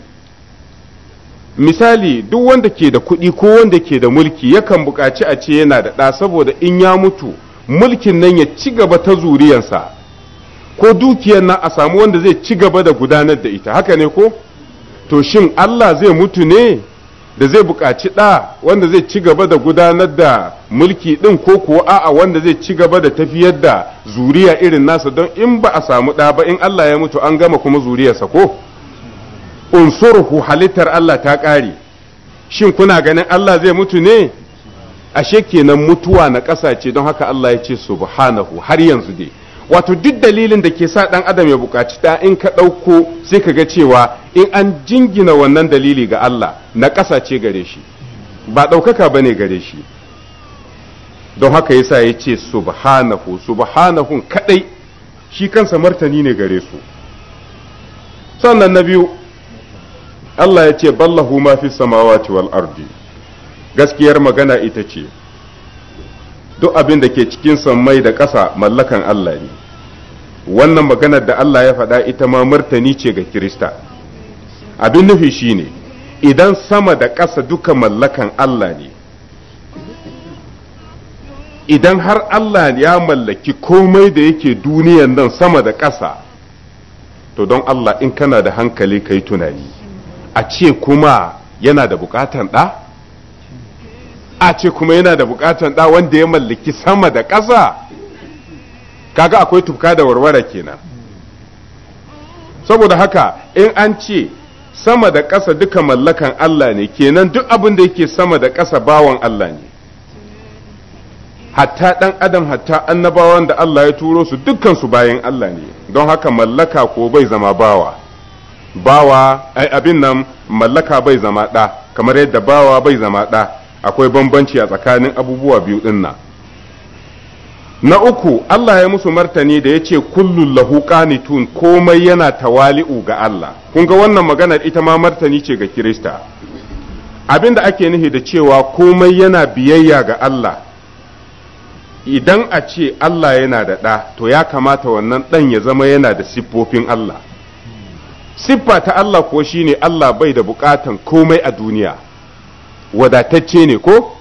misali duk wanda ke da kuɗi ko wanda ke da mulki yakan buƙaci a ce yana da ɗa saboda in ya mutu mulkin nan ya ci gaba ta zuriyarsa ko dukiyar nan a samu wanda zai ci gaba da gudanar da ita haka ne ko to shin Allah zai mutu ne da zai buƙaci ɗa wanda zai ci gaba da gudanar da mulki ɗin ko kuwa a'a wanda zai ci gaba da tafiyar da zuriya irin nasa don in ba a samu ɗa ba in Allah ya mutu an gama kuma zuriyarsa ko unsurhu halittar Allah ta ƙare shin kuna ganin Allah zai mutu ne ashe kenan mutuwa na ƙasa ce don haka Allah ya ce subhanahu har yanzu dai wato duk dalilin da ke sa ɗan adam ya bukaci ta in ka ɗauko sai ka ga cewa in an jingina wannan dalili ga Allah na ƙasa ce gare shi ba ɗaukaka ba ne gare shi don haka yasa ya ce subhanahu subhanahu kaɗai shi kansa martani ne gare su sannan na biyu Allah ya ce ballahu ma fi samawati wal ardi gaskiyar magana ita ce duk abin da ke cikin mai da ƙasa mallakan Allah ne wannan maganar da Allah ya faɗa ita ma martani ce ga Kirista abin nufi ne idan sama da ƙasa duka mallakan Allah ne idan har Allah ya mallaki komai da yake duniyan nan sama da ƙasa to don Allah in kana da hankali ka yi tunani a ce kuma yana da bukatan ɗa? a ce kuma yana da bukatan da wanda ya mallaki sama da ƙasa kaga akwai tufka da warware kenan saboda haka in an ce sama da ƙasa duka mallakan Allah ne kenan duk abin da yake sama da ƙasa bawan Allah ne hatta ɗan adam hatta annabawan da Allah ya turo su su bayan Allah ne don haka mallaka ko bai zama bawa bawa ai abin nan mallaka bai zama ɗa kamar yadda bawa bai zama ɗa akwai bambanci a tsakanin abubuwa biyu din na uku Allah ya musu martani da ya ce kullun lahu qanitun komai yana tawali'u ga Allah kun ga wannan maganar ita ma martani ce ga Kirista abinda ake nufi da cewa komai yana biyayya ga Allah idan a ce Allah yana da ɗa to ya kamata wannan ɗan ya zama yana da siffofin Allah siffa ta Allah ko shine Allah bai da bukatan komai a duniya wadatacce ne ko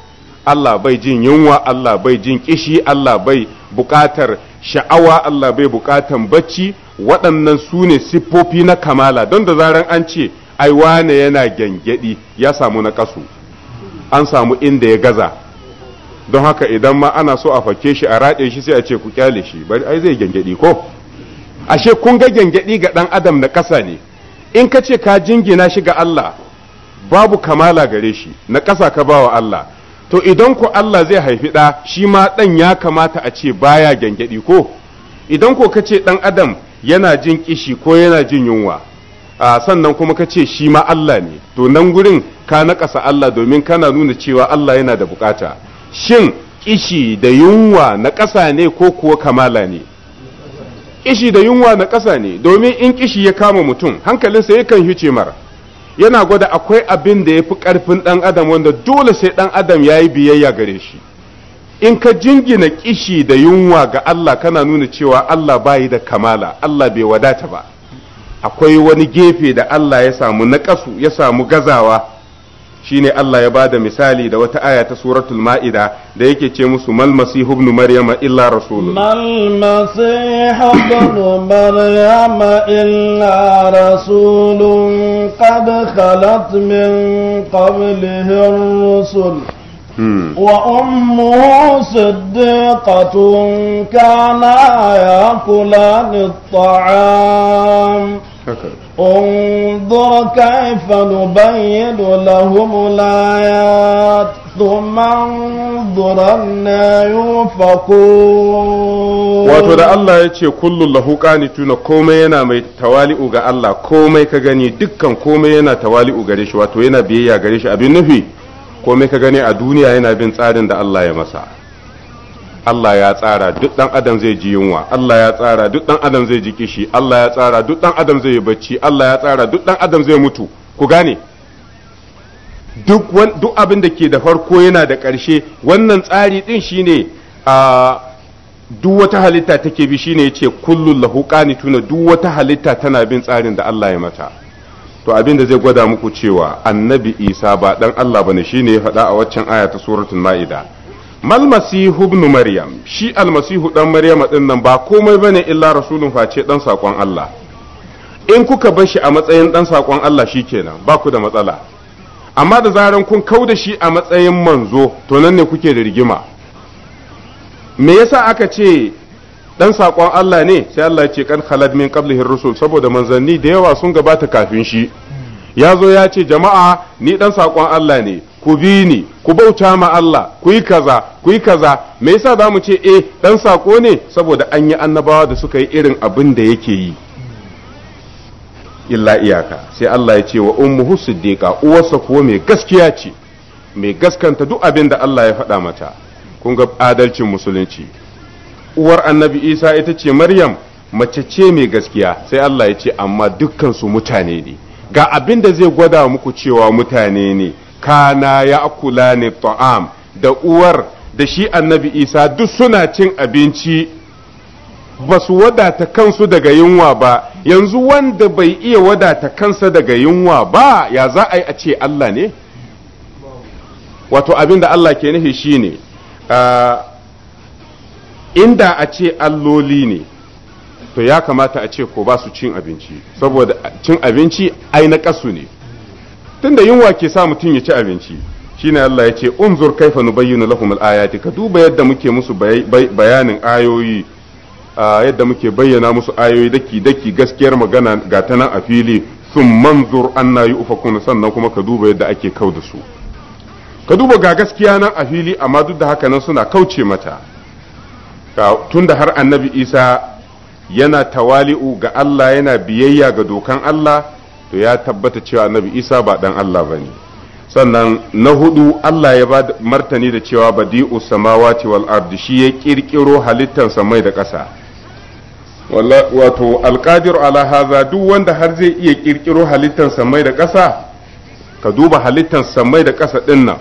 Allah bai jin yunwa Allah bai jin kishi Allah bai buƙatar sha'awa Allah bai bukatan bacci waɗannan su ne siffofi na kamala don da zaran an ce ai wane yana gyangyaɗi ya samu na ƙasu an samu inda ya gaza don haka idan ma ana so a fake shi a raɗe shi sai a ce ku kyale shi bari ai zai gyangyaɗi ko ashe kun ga gyangyaɗi ga ɗan adam na ƙasa ne in ka ce ka jingina shi ga Allah babu kamala gare shi na ƙasa ka bawa Allah to idan ku Allah zai haifi ɗa shi ma ɗan ya kamata a ce baya gyangyaɗi ko idan ko ka ce ɗan adam yana jin ƙishi ko yana jin yunwa a sannan kuma ka ce shi ma Allah ne to nan gurin ka na ƙasa Allah domin kana nuna cewa Allah yana da bukata shin ƙishi da yunwa na ƙasa ne ko kuwa kamala ne kishi da yunwa na ƙasa ne domin in ƙishi ya kama mutum hankalinsa yakan hice mara yana gwada akwai abin da ya fi ƙarfin ɗan adam wanda dole sai ɗan adam ya yi biyayya gare shi in ka jingina ƙishi da yunwa ga Allah kana nuna cewa Allah bayi da kamala Allah bai wadata ba akwai wani gefe da Allah ya samu naƙasu ya samu gazawa shine Allah ya bada misali da wata aya ta suratul ma'ida da yake ce musu mal masihu ibn maryama illa rasul mal masihu ibn maryama illa rasulun qad khalat min qablihi ar-rusul وأمه صديقة كانا يأكلان الطعام انظر كيف نبين لهم الآيات ثم انظر أنا يوفقون wato da Allah ya ce kullum ni tuna, komai yana mai tawali'u ga Allah komai ka gani dukkan komai yana tawali'u gare shi wato yana biyayya gare shi abin nufi komai ka gani a duniya yana bin tsarin da Allah ya masa Allah ya tsara duk dan adam zai ji yunwa Allah ya tsara duk dan adam zai ji kishi Allah ya tsara duk dan adam zai yi bacci Allah ya tsara duk dan adam zai mutu ku gane duk duk abin da ke da farko yana da ƙarshe wannan tsari din shine a duk wata halitta take bi shine yace kullul lahu tuna duk wata halitta tana bin tsarin da Allah ya mata to abin da zai gwada muku cewa annabi Isa ba dan Allah shi ne ya faɗa a waccan aya ta suratul maida malmasihu ibn maryam shi almasihu dan maryama din nan ba komai bane illa rasulun face dan sakon Allah in kuka bar shi a matsayin dan sakon Allah shikenan ba ku da matsala amma da zaran kun kauda shi a matsayin manzo to nan ne kuke da rigima me yasa aka ce dan sakon Allah ne sai Allah ya ce kan khalad min qablihi rusul saboda manzanni da yawa sun gabata kafin shi ya zo ya ce jama'a ni dan sakon Allah ne ku bi ni ku bauta ma Allah ku yi kaza ku yi kaza me yasa za mu ce eh dan sako ne saboda an yi annabawa da suka yi irin abin da yake yi illa iyaka sai Allah ya ce wa ummuhu siddiqa uwarsa kuwa mai gaskiya ce mai gaskanta duk abin da Allah ya faɗa mata kun ga adalcin musulunci uwar annabi Isa ita ce Maryam mace ce mai gaskiya sai Allah ya ce amma dukkan su mutane ne ga abin da zai gwada muku cewa mutane ne kana ya akula ne ta'am da uwar da shi annabi isa duk suna cin abinci ba su wadata kansu daga yunwa ba yanzu wanda bai iya wadata kansa daga yunwa ba ya za a yi a ce Allah ne wato abin da Allah ke nufi shi ne inda a ce alloli ne to ya kamata a ce ko ba su cin abinci saboda cin abinci ai na kasu ne tunda yunwa ke sa mutum ya ci abinci shi ne Allah ya ce unzur kaifa nubayyinu lahum al-ayati ka duba yadda muke musu bayanin ayoyi yadda muke bayyana musu ayoyi daki daki gaskiyar magana ga ta nan a fili sun manzur anna yufakun sannan kuma ka duba yadda ake kau da su ka duba ga gaskiya nan a fili amma duk da haka nan suna kauce mata tunda har annabi Isa yana tawali'u ga Allah yana biyayya ga dokan Allah to ya tabbata cewa annabi isa ba dan Allah ba ne sannan na hudu Allah ya ba martani da cewa badi'u samawati wal ardi shi ya kirkiro halittan samai da ƙasa wato alkadir ala haza duk wanda har zai iya kirkiro halittan samai da ƙasa ka duba halittan samai da ƙasa din nan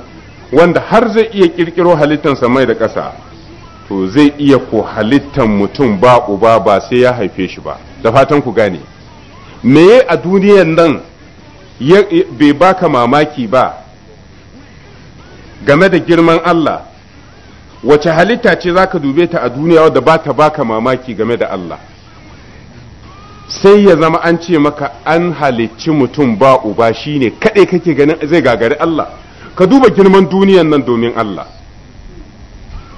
wanda har zai iya kirkiro halittan samai da ƙasa to zai iya ko halittan mutum ba uba ba sai ya haife shi ba da fatan ku gane meye a duniyan nan bai baka mamaki ba game da girman Allah wace halitta ce za ka dube ta a duniya wadda ba ta baka mamaki game da Allah sai ya zama an ce maka an halicci mutum ba uba shi ne kaɗai kake ganin zai gagari Allah ka duba girman duniyan nan domin Allah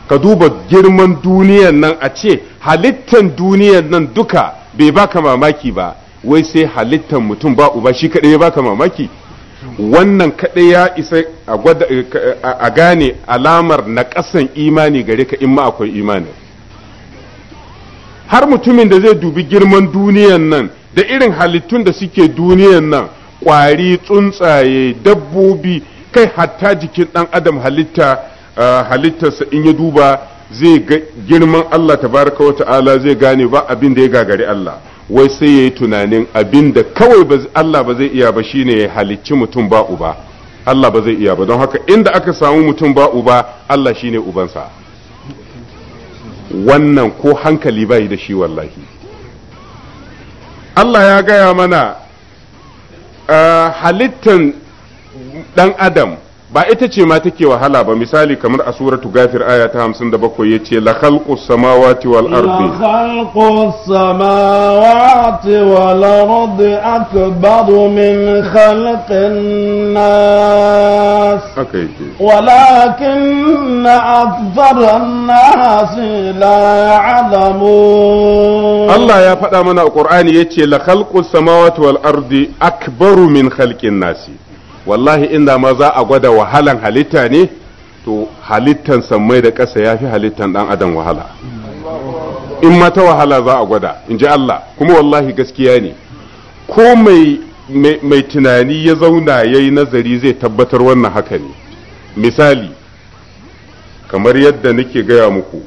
ka duba girman duniyan nan a ce halittan duniyan nan duka bai baka mamaki ba wai sai halittar mutum ba uba shi kaɗai ya baka mamaki wannan kaɗai ya isa a gane alamar na ƙasan imani gare ka in ma akwai imanin har mutumin da zai dubi girman duniyan nan da irin halittun da suke duniyan nan ƙwari tsuntsaye dabbobi kai hatta jikin ɗan adam halitta halittarsa in ya duba zai girman Allah tabaraka wa ta'ala zai gane ba abin da ya gagari Allah wai sai ya yi tunanin abin da kawai Allah ba zai iya ba shi ya halicci mutum ba uba Allah ba zai iya ba don haka inda aka samu mutum ba uba Allah shi ne ubansa wannan ko hankali bai da shi wallahi Allah ya gaya mana ah, halittan ɗan adam ba ita ce ma take wahala ba misali kamar a suratu gafir aya ta 57 yace la khalqu samawati wal ardi la khalqu samawati wal ardi akbaru min khalqin nas okay walakin akthara nas la Allah ya faɗa mana a Qur'ani yace la khalqu samawati wal ardi akbaru min khalqin nasi wallahi inda ma za a gwada wahalan halitta ne to halittan sammai da ƙasa ya fi halittan ɗan adam wahala in ma ta wahala za a gwada in ji Allah kuma wallahi gaskiya ne ko mai tunani ya zauna ya yi nazari zai tabbatar wannan haka ne misali kamar yadda nake gaya muku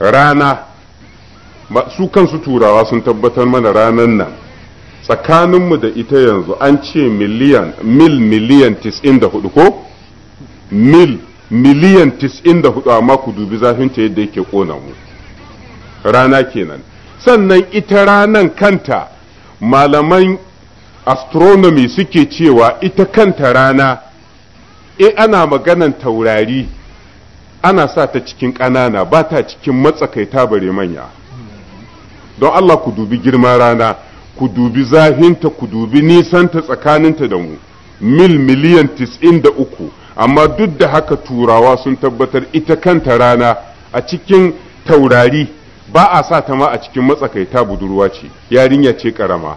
rana su kansu turawa sun tabbatar mana ranar nan tsakaninmu da ita yanzu an ce miliyan mil miliyan 94 ko mil miliyan 94 amma ku dubi zafinta yadda yake kona mu rana kenan sannan ita ranan kanta malaman astronomy suke cewa ita kanta rana e ana maganan taurari ana sa ta cikin ƙanana ba ta cikin matsakaita bare manya don Allah ku dubi girman rana ku dubi zahinta ku dubi nisanta tsakaninta da mu mil miliyan tis'in da uku amma duk da haka turawa sun tabbatar ita kanta rana a cikin taurari ba a sa ta ma a cikin matsakaita budurwa ce yarinya ce karama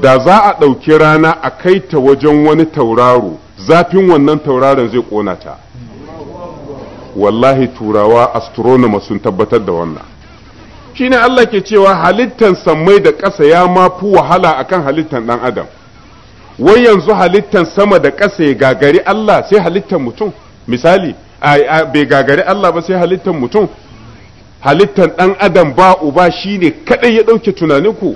da za a ɗauki rana a kai ta wajen wani tauraro zafin wannan tauraron zai ƙona ta wallahi turawa astronoma sun tabbatar da wannan shine Allah ke cewa halittan sammai da ƙasa ya mafu wahala akan halittan ɗan adam wai yanzu halittan sama da ƙasa ya gagari Allah sai halittan mutum misali bai gagari Allah ba sai halittan mutum halittan ɗan adam ba uba shine kaɗai ya ɗauke tunanin ku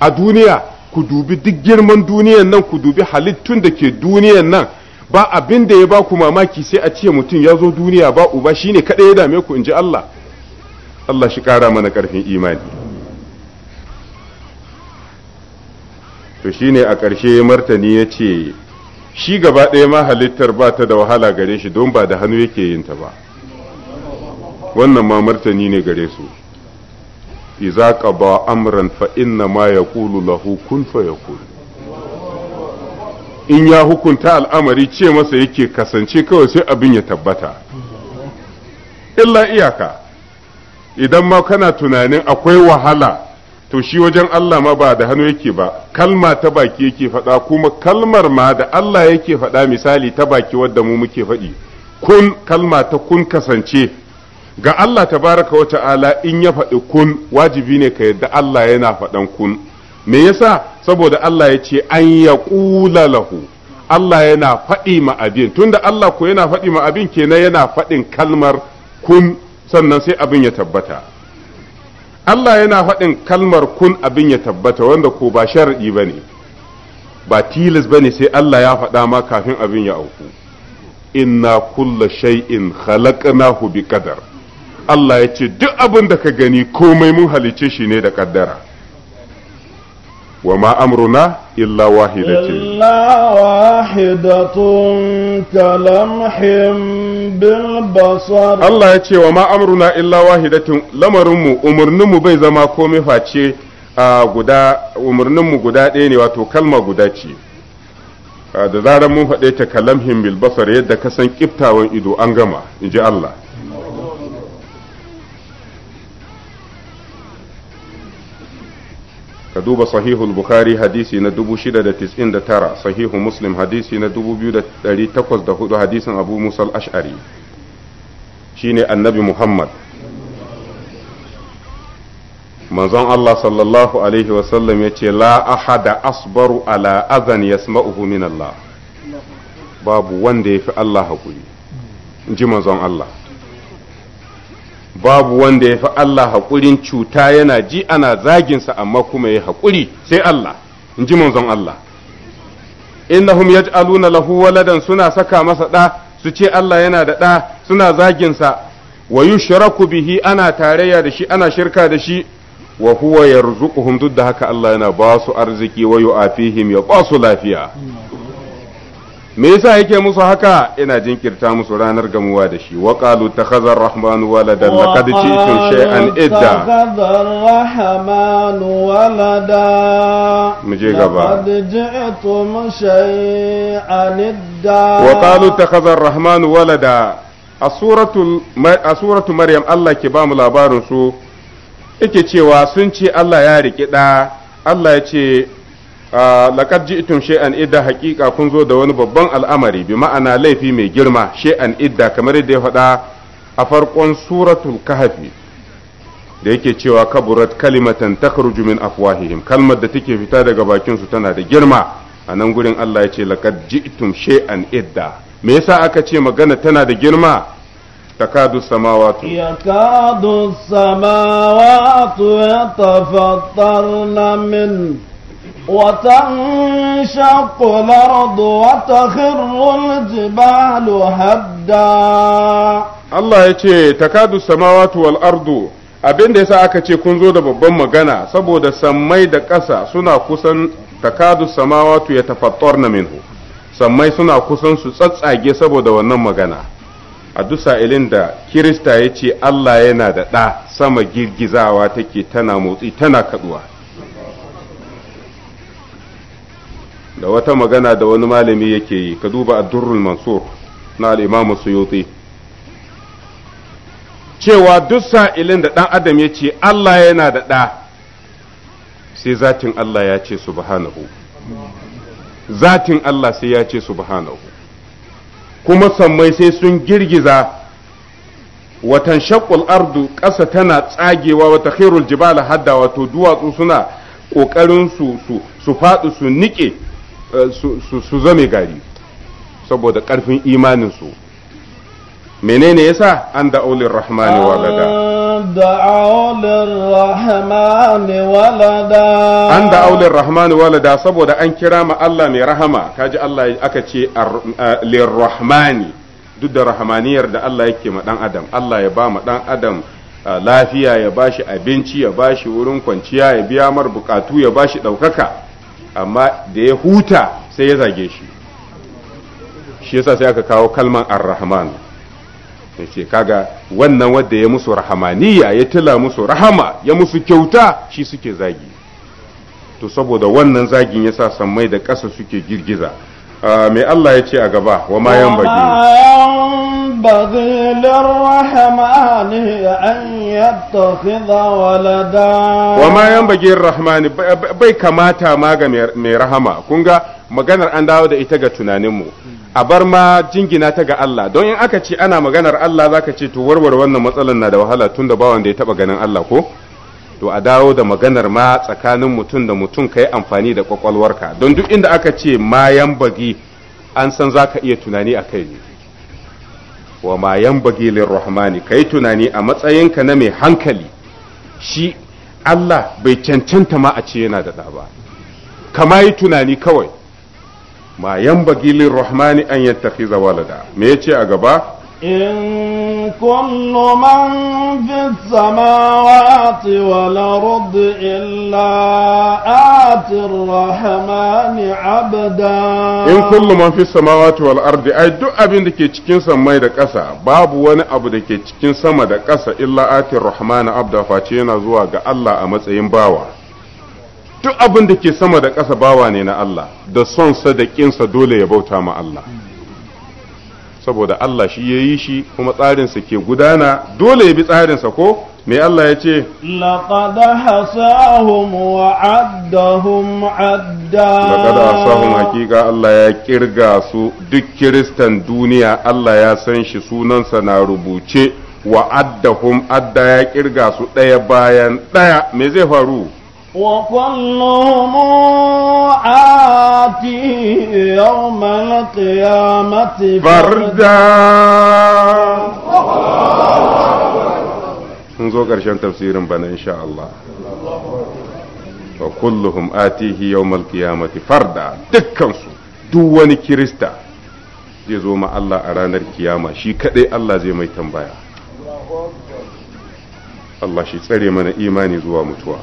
a duniya ku dubi duk girman duniyan nan ku dubi halittun da ke duniyan nan ba abin da ya ba ku mamaki sai a ce mutum ya zo duniya ba uba shine kaɗai ya dame ku in ji Allah Allah shi ƙara mana ƙarfin imani to shi ne a ƙarshe martani ya ce shi gaba ɗaya ma halittar ba ta da wahala gare shi don ba da hannu yake yin ta ba wannan ma martani ne gare su iza ba amran fa inna ma yaqulu lahu kun fayakun in ya hukunta al'amari ce masa yake kasance kawai sai abin ya tabbata illa iyaka idan ma kana tunanin akwai wahala to shi wajen Allah ma ba da hannu yake ba kalma ta baki yake faɗa kuma kalmar ma da Allah yake faɗa misali ta baki wadda mu muke faɗi kun kalma ta kun kasance ga Allah tabaraka wa ta'ala in ya faɗi kun wajibi ne ka yadda Allah yana faɗan kun me yasa saboda Allah ya ce an ya ƙula lahu Allah yana faɗi ma abin tunda Allah ko yana faɗi ma abin kenan yana faɗin kalmar kun sannan sai abin ya tabbata Allah yana faɗin kalmar kun abin ya tabbata wanda ko ba sharaɗi ba ne ba tilas ba ne sai Allah ya faɗa ma kafin abin ya auku inna kulla shay'in khalaqnahu bi qadar Allah ya ce duk abin da ka gani komai mun halice shi ne da kaddara وما أمرنا إلا واحدة إلا واحدة كلمح بالبصر الله يتي وما أمرنا إلا واحدة لمرم أمرنم بي زما كومي فاتشي guda umarninmu guda ɗaya ne wato kalma guda ce da zarar mun faɗe ta kalamhin bilbasar yadda ka san ƙiftawan ido an gama in ji Allah ka duba sahihu bukhari hadisi na 699 sahihu muslim hadisi na 2804 hadisin abu musal ash'ari shine annabi muhammad manzon Allah sallallahu alaihi wasallam ya ce la ahada asbaru ala azan yasma'uhu min Allah babu wanda ya fi Allah haƙuri in ji manzon Allah babu wanda ya fi Allah haƙurin cuta yana ji ana zaginsa amma kuma ya haƙuri sai Allah in ji manzon Allah innahum yaj'aluna lahu waladan suna saka masa ɗa su ce Allah yana da ɗa suna zaginsa wa yushraku bihi ana tarayya da shi ana shirka da shi wa huwa yarzuquhum duk da haka Allah yana ba su arziki wa yu'afihim ya ba su lafiya me yasa yake musu haka ina jinkirta musu ranar gamuwa da shi wa qalu takhazza ar-rahmanu waladan laqad ji'tu shay'an idda ar-rahmanu walada mu je gaba laqad ji'tum shay'an idda wa qalu takhazza ar-rahmanu walada asuratu maryam Allah ke ba mu labarin su yake cewa sun ce Allah ya riki da Allah ya ce Ah, laqad ji'tum shay'an idda haqiqa kun zo da wani babban al'amari bi ma'ana laifi mai girma shay'an idda kamar yadda ya faɗa a farkon suratul kahafi da yake cewa kaburat kalimatan takhruju min afwahihim kalmar da take fita daga bakin su tana da girma a nan gurin Allah ya ce laqad ji'tum shay'an idda me yasa aka ce magana tana da girma تكاد السماوات يكاد السماوات يتفطرن min. وتنشق الأرض وتخر الجبال هدا الله يتي تكاد السماوات والأرض abin da yasa aka ce kun zo da babban magana saboda sammai da ƙasa suna kusan takadu samawatu ya tafattar na minhu sammai suna kusan su tsatsage saboda wannan magana a duk sa'ilin da kirista ya ce allah yana da ɗa sama girgizawa take tana motsi tana kaduwa da wata magana da wani malami yake yi ka duba addurrul mansur na al'imamu suyuti cewa duk sa'ilin da ɗan adam ya ce Allah yana da ɗa sai zatin Allah ya ce subhanahu zatin Allah sai ya ce subhanahu kuma sammai sai sun girgiza watan shakul ardu ƙasa tana tsagewa wata khairul jibala hadda wato duwatsu suna ƙoƙarin su su faɗi su niƙe Eh, su su zame gari saboda ƙarfin imaninsu menene yasa an da aulin rahmani walada an da aulin rahmani walada saboda an kira ma Allah mai rahama kaji Allah aka ce eh, rahmani duk da rahmaniyar da Allah yake ma dan adam Allah ya ba ma dan adam eh, lafiya ya bashi abinci ya bashi wurin kwanciya ya biya mar bukatu ya bashi ɗaukaka amma da ya huta sai ya zage shi shi yasa sai aka kawo kalman ar-rahman yace kaga wannan wanda ya musu rahamaniya ya tila musu rahama ya musu kyauta shi suke zagi to saboda wannan zagin yasa mai da ƙasa suke girgiza ah, mai Allah ya ce a gaba wa ma yan bagi ينبغي للرحمن أن يتخذ ولدا وما ينبغي الرحمن bai kamata ma ga mai rahama kun ga maganar an dawo da ita ga tunaninmu a bar ma jingina ta ga Allah don in aka ce ana maganar Allah zaka ce to warware wannan matsalar na da wahala da ba wanda ya taba ganin Allah ko to a dawo da maganar ma tsakanin mutum da mutum ka yi amfani da kwakwalwarka don duk inda aka ce ma bagi an san za ka iya tunani a kai ne wa ma rahmani ka yi tunani a matsayinka na mai hankali shi Allah bai cancanta ma a ce yana da ɗa ka ma yi tunani kawai ma bagilin rahmani an yattakhiza walada me ya ce a gaba إن كل من في السماوات والأرض إلا آت الرحمن عبدا إن كل من في السماوات والأرض أي دو أبين دكي تشكين سماي دكاسا باب واني أبو دكي تشكين سما دكاسا إلا آت الرحمن عبدا فاتينا زوا الله أمتسين باوا duk abin da ke sama da ƙasa bawa ne na Allah da sonsa da ƙinsa dole ya bauta ma Allah saboda Allah shi ya yi shi kuma tsarinsa ke gudana dole ya bi tsarinsa ko me Allah ya ce laƙada hasahun adda hakika Allah ya kirga su duk kiristan duniya Allah ya san shi sunansa na rubuce wa addahum adda ya kirga su ɗaya bayan ɗaya me zai faru وكلهم آتي يوم القيامة فردا نزو قرشان تفسير بنا إن شاء الله وكلهم آتيه يوم القيامة فردا دكانسو دواني كريستا zai zo ma Allah a ranar kiyama shi kadai Allah zai mai tambaya Allah shi tsare mana imani zuwa mutuwa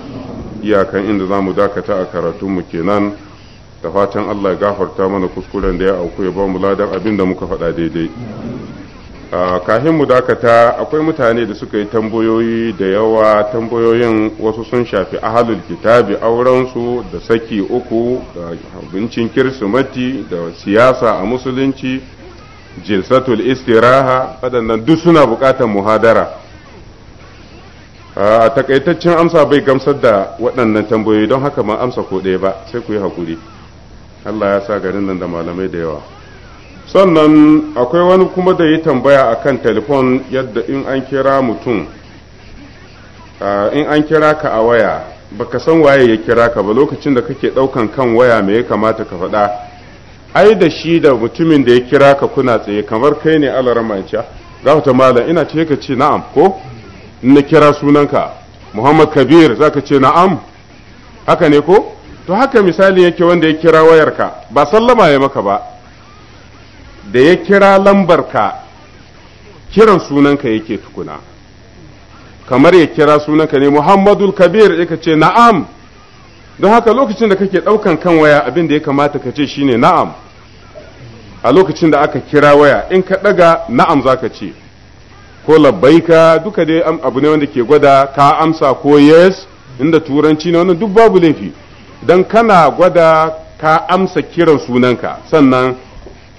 iyakan inda za mu dakata a mu kenan da fatan Allah ya gafarta mana kuskuren da ya auku ya ba mu ladan abin da muka faɗa daidai A kafin mu dakata akwai mutane da suka yi tambayoyi da yawa tambayoyin wasu sun shafi ahalul kitabi aurensu da saki uku da abincin kirsimati da siyasa a musulunci jilsatul istiraha waɗannan duk suna buƙatar muhadara a takaitaccen amsa bai gamsar da waɗannan tambayoyi don haka ma amsa ko ɗaya ba sai ku yi haƙuri allah ya sa garin nan da malamai da yawa sannan akwai wani kuma da yi tambaya a kan telefon yadda in an kira mutum in an kira ka a waya baka san waye ya kira ka ba lokacin da kake ɗaukan kan waya me ya kamata ka faɗa ai da shi da mutumin da ya kira ka kuna tsaye kamar kai ne alarama ya ce ah, za ta malam ina ce ka ce na'am ko na kira sunanka muhammad kabir zaka ce na'am haka ne ko to haka misali yake wanda ya kira wayarka ba sallama ya maka ba da ya kira lambarka kiran sunanka yake tukuna kamar ya kira sunanka ne muhammadul kabir yaka ce na'am don haka lokacin da kake ɗaukan kan waya abin da ya kamata ka ce shine na'am a lokacin da aka kira waya in ka ɗaga na'am za ka ce ko labbaika duka dai abu ne wanda ke gwada ka amsa ko yes inda turanci ne wannan duk babu laifi don kana gwada ka amsa kiran sunanka sannan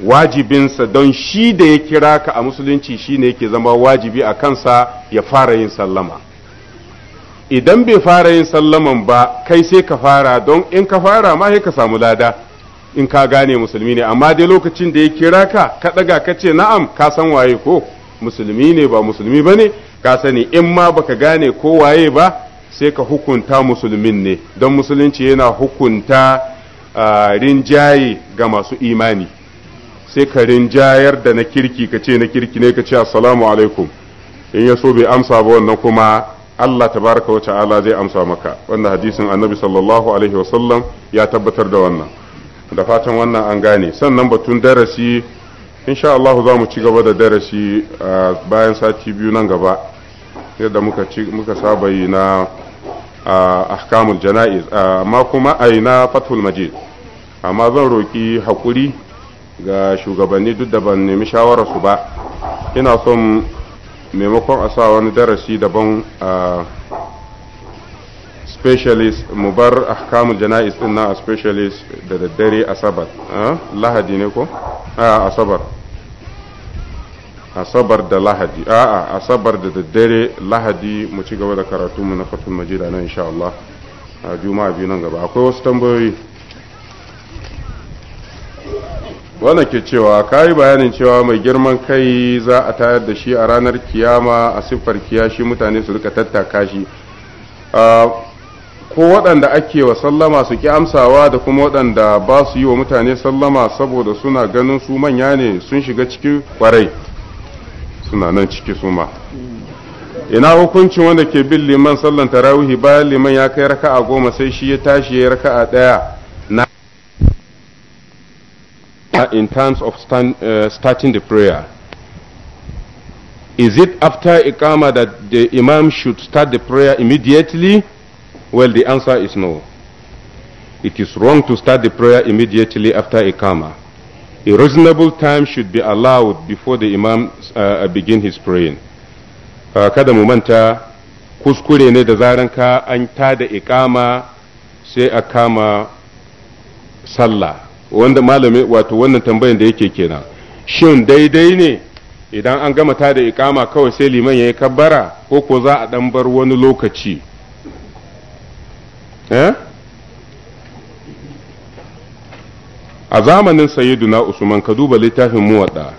wajibinsa don shi da ya kira ka a musulunci shi ne yake zama wajibi a kansa ya fara yin sallama idan bai fara yin sallaman ba kai sai ka fara don in ka fara ma sai ka samu lada in ka gane musulmi ne amma dai lokacin da ya kira ka ka ɗaga ka ce na'am ka san waye ko musulmi ne ba musulmi ba ne ka sani in ma baka gane ko waye ba sai ka hukunta musulmin ne don musulunci yana hukunta rinjaye ga masu imani sai ka rinjayar da na kirki ka ce na kirki ne ka ce assalamu alaikum in ya so bai amsa ba wannan kuma Allah ta tabaraka wa ta'ala zai amsa maka wannan hadisin annabi sallallahu alaihi wasallam ya tabbatar da wannan da fatan wannan an gane sannan batun darasi insha Allah za mu ci gaba da darasi bayan sati biyu nan gaba yadda muka saba yi na ahkamul jana'iz amma kuma a yi na fathul majid amma zan roƙi haƙuri ga shugabanni duk da ban nemi shawararsu ba ina son maimakon a sa wani darasi daban specialist mu bar ahkamu jana'is din na specialist da daddare asabar lahadi ne ko a asabar asabar da lahadi a'a asabar da daddare lahadi mu ci gaba da karatu mu na fatul majida nan insha Allah a juma'a biyu nan gaba akwai wasu tambayoyi wanda ke cewa kayi bayanin cewa mai girman kai za a tayar da shi a ranar kiyama a siffar kiyashi mutane su rika tattaka shi ko waɗanda ake wa sallama su ki amsawa da kuma waɗanda ba su yi wa mutane sallama saboda suna ganin su manya ne sun shiga ciki kwarai suna nan ciki su ma ina hukuncin wanda ke bin liman sallan tarawihi bayan liman ya kai raka'a goma sai shi ya tashi ya a ɗaya na in terms of stand, uh, starting the prayer is it after ikama that the imam should start the prayer immediately Well, the answer is no. It is wrong to start the prayer immediately after a kama. A reasonable time should be allowed before the Imam uh, uh begin his praying. Uh, kada mu manta kuskure ne da zaran ka an tada ikama sai a kama sallah wanda malami wato wannan tambayan da yake kenan shin daidai ne idan an gama tada ikama kawai sai liman ya yi kabbara ko ko za a dan bar wani lokaci Eh? a zamanin sayyiduna usman ka duba littafin muwadda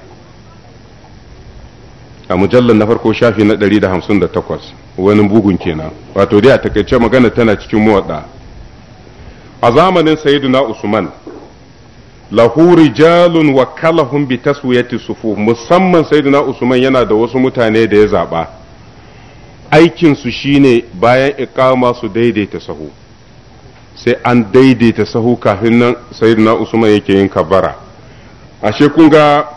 a mujallar na farko shafi na 158 wani bugun kenan wato dai a takaice magana tana cikin muwadda a zamanin sayyiduna usman lahu rijalun wa kalahun bi taswiyati sufu musamman sayyiduna usman yana da wasu mutane da ya zaba su shine bayan iqama su daidaita sahu sai an daidaita sahu kafin nan sayyidina usman yake yin kabara ashe kun ga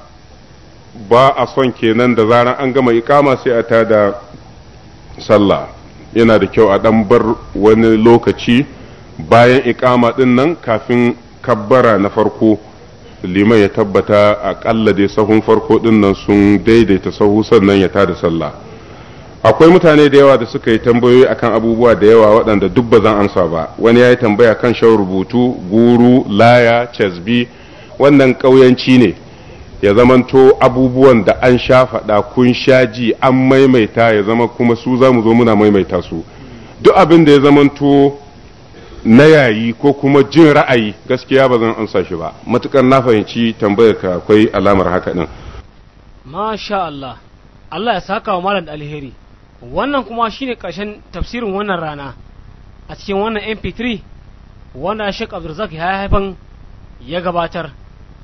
ba a son kenan da zaran an gama ikama sai a tada sallah yana da kyau a dan bar wani lokaci bayan ikama din nan kafin kabbara na farko liman ya tabbata a dai sahun farko din nan sun daidaita sahu sannan ya tada sallah akwai mutane da yawa da suka yi tambayoyi akan abubuwa da yawa waɗanda duk ba zan amsa ba wani ya yi tambaya kan shan rubutu guru laya casbi wannan ƙauyanci ne ya zamanto abubuwan da an sha faɗa kun sha ji an maimaita ya zama kuma su za mu zo muna maimaita su duk abin da ya zamanto na yayi ko kuma jin ra'ayi gaskiya ba zan amsa shi ba matukar na fahimci tambayar ka akwai alamar haka din masha Allah Allah ya saka wa malam alheri wannan kuma shine ƙarshen tafsirin wannan rana a cikin wannan mp3 wanda shek abdulrazak ya haifan ya gabatar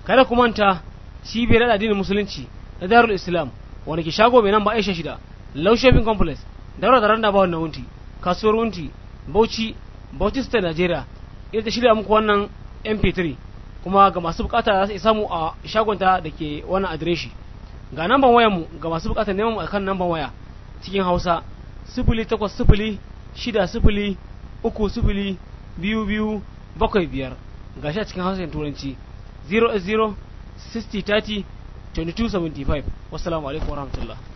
kada ku manta cibiyar addinin musulunci na darul islam wani ke shago mai nan ba aisha shida low shopping complex daura da randa ba wannan wunti kasuwar wunti bauchi bauchi state nigeria ita ta shirya muku wannan mp3 kuma ga masu bukata za su samu a shagonta da ke wannan adireshi ga namban wayanmu ga masu bukata neman mu akan namban waya cikin hausa sifili takwas sifili shida sifili uku sifili biyu biyu bakwai biyar ga shi a cikin hausa turanci 0 0 60 30 22 75 wasu alaikum warahmatullahi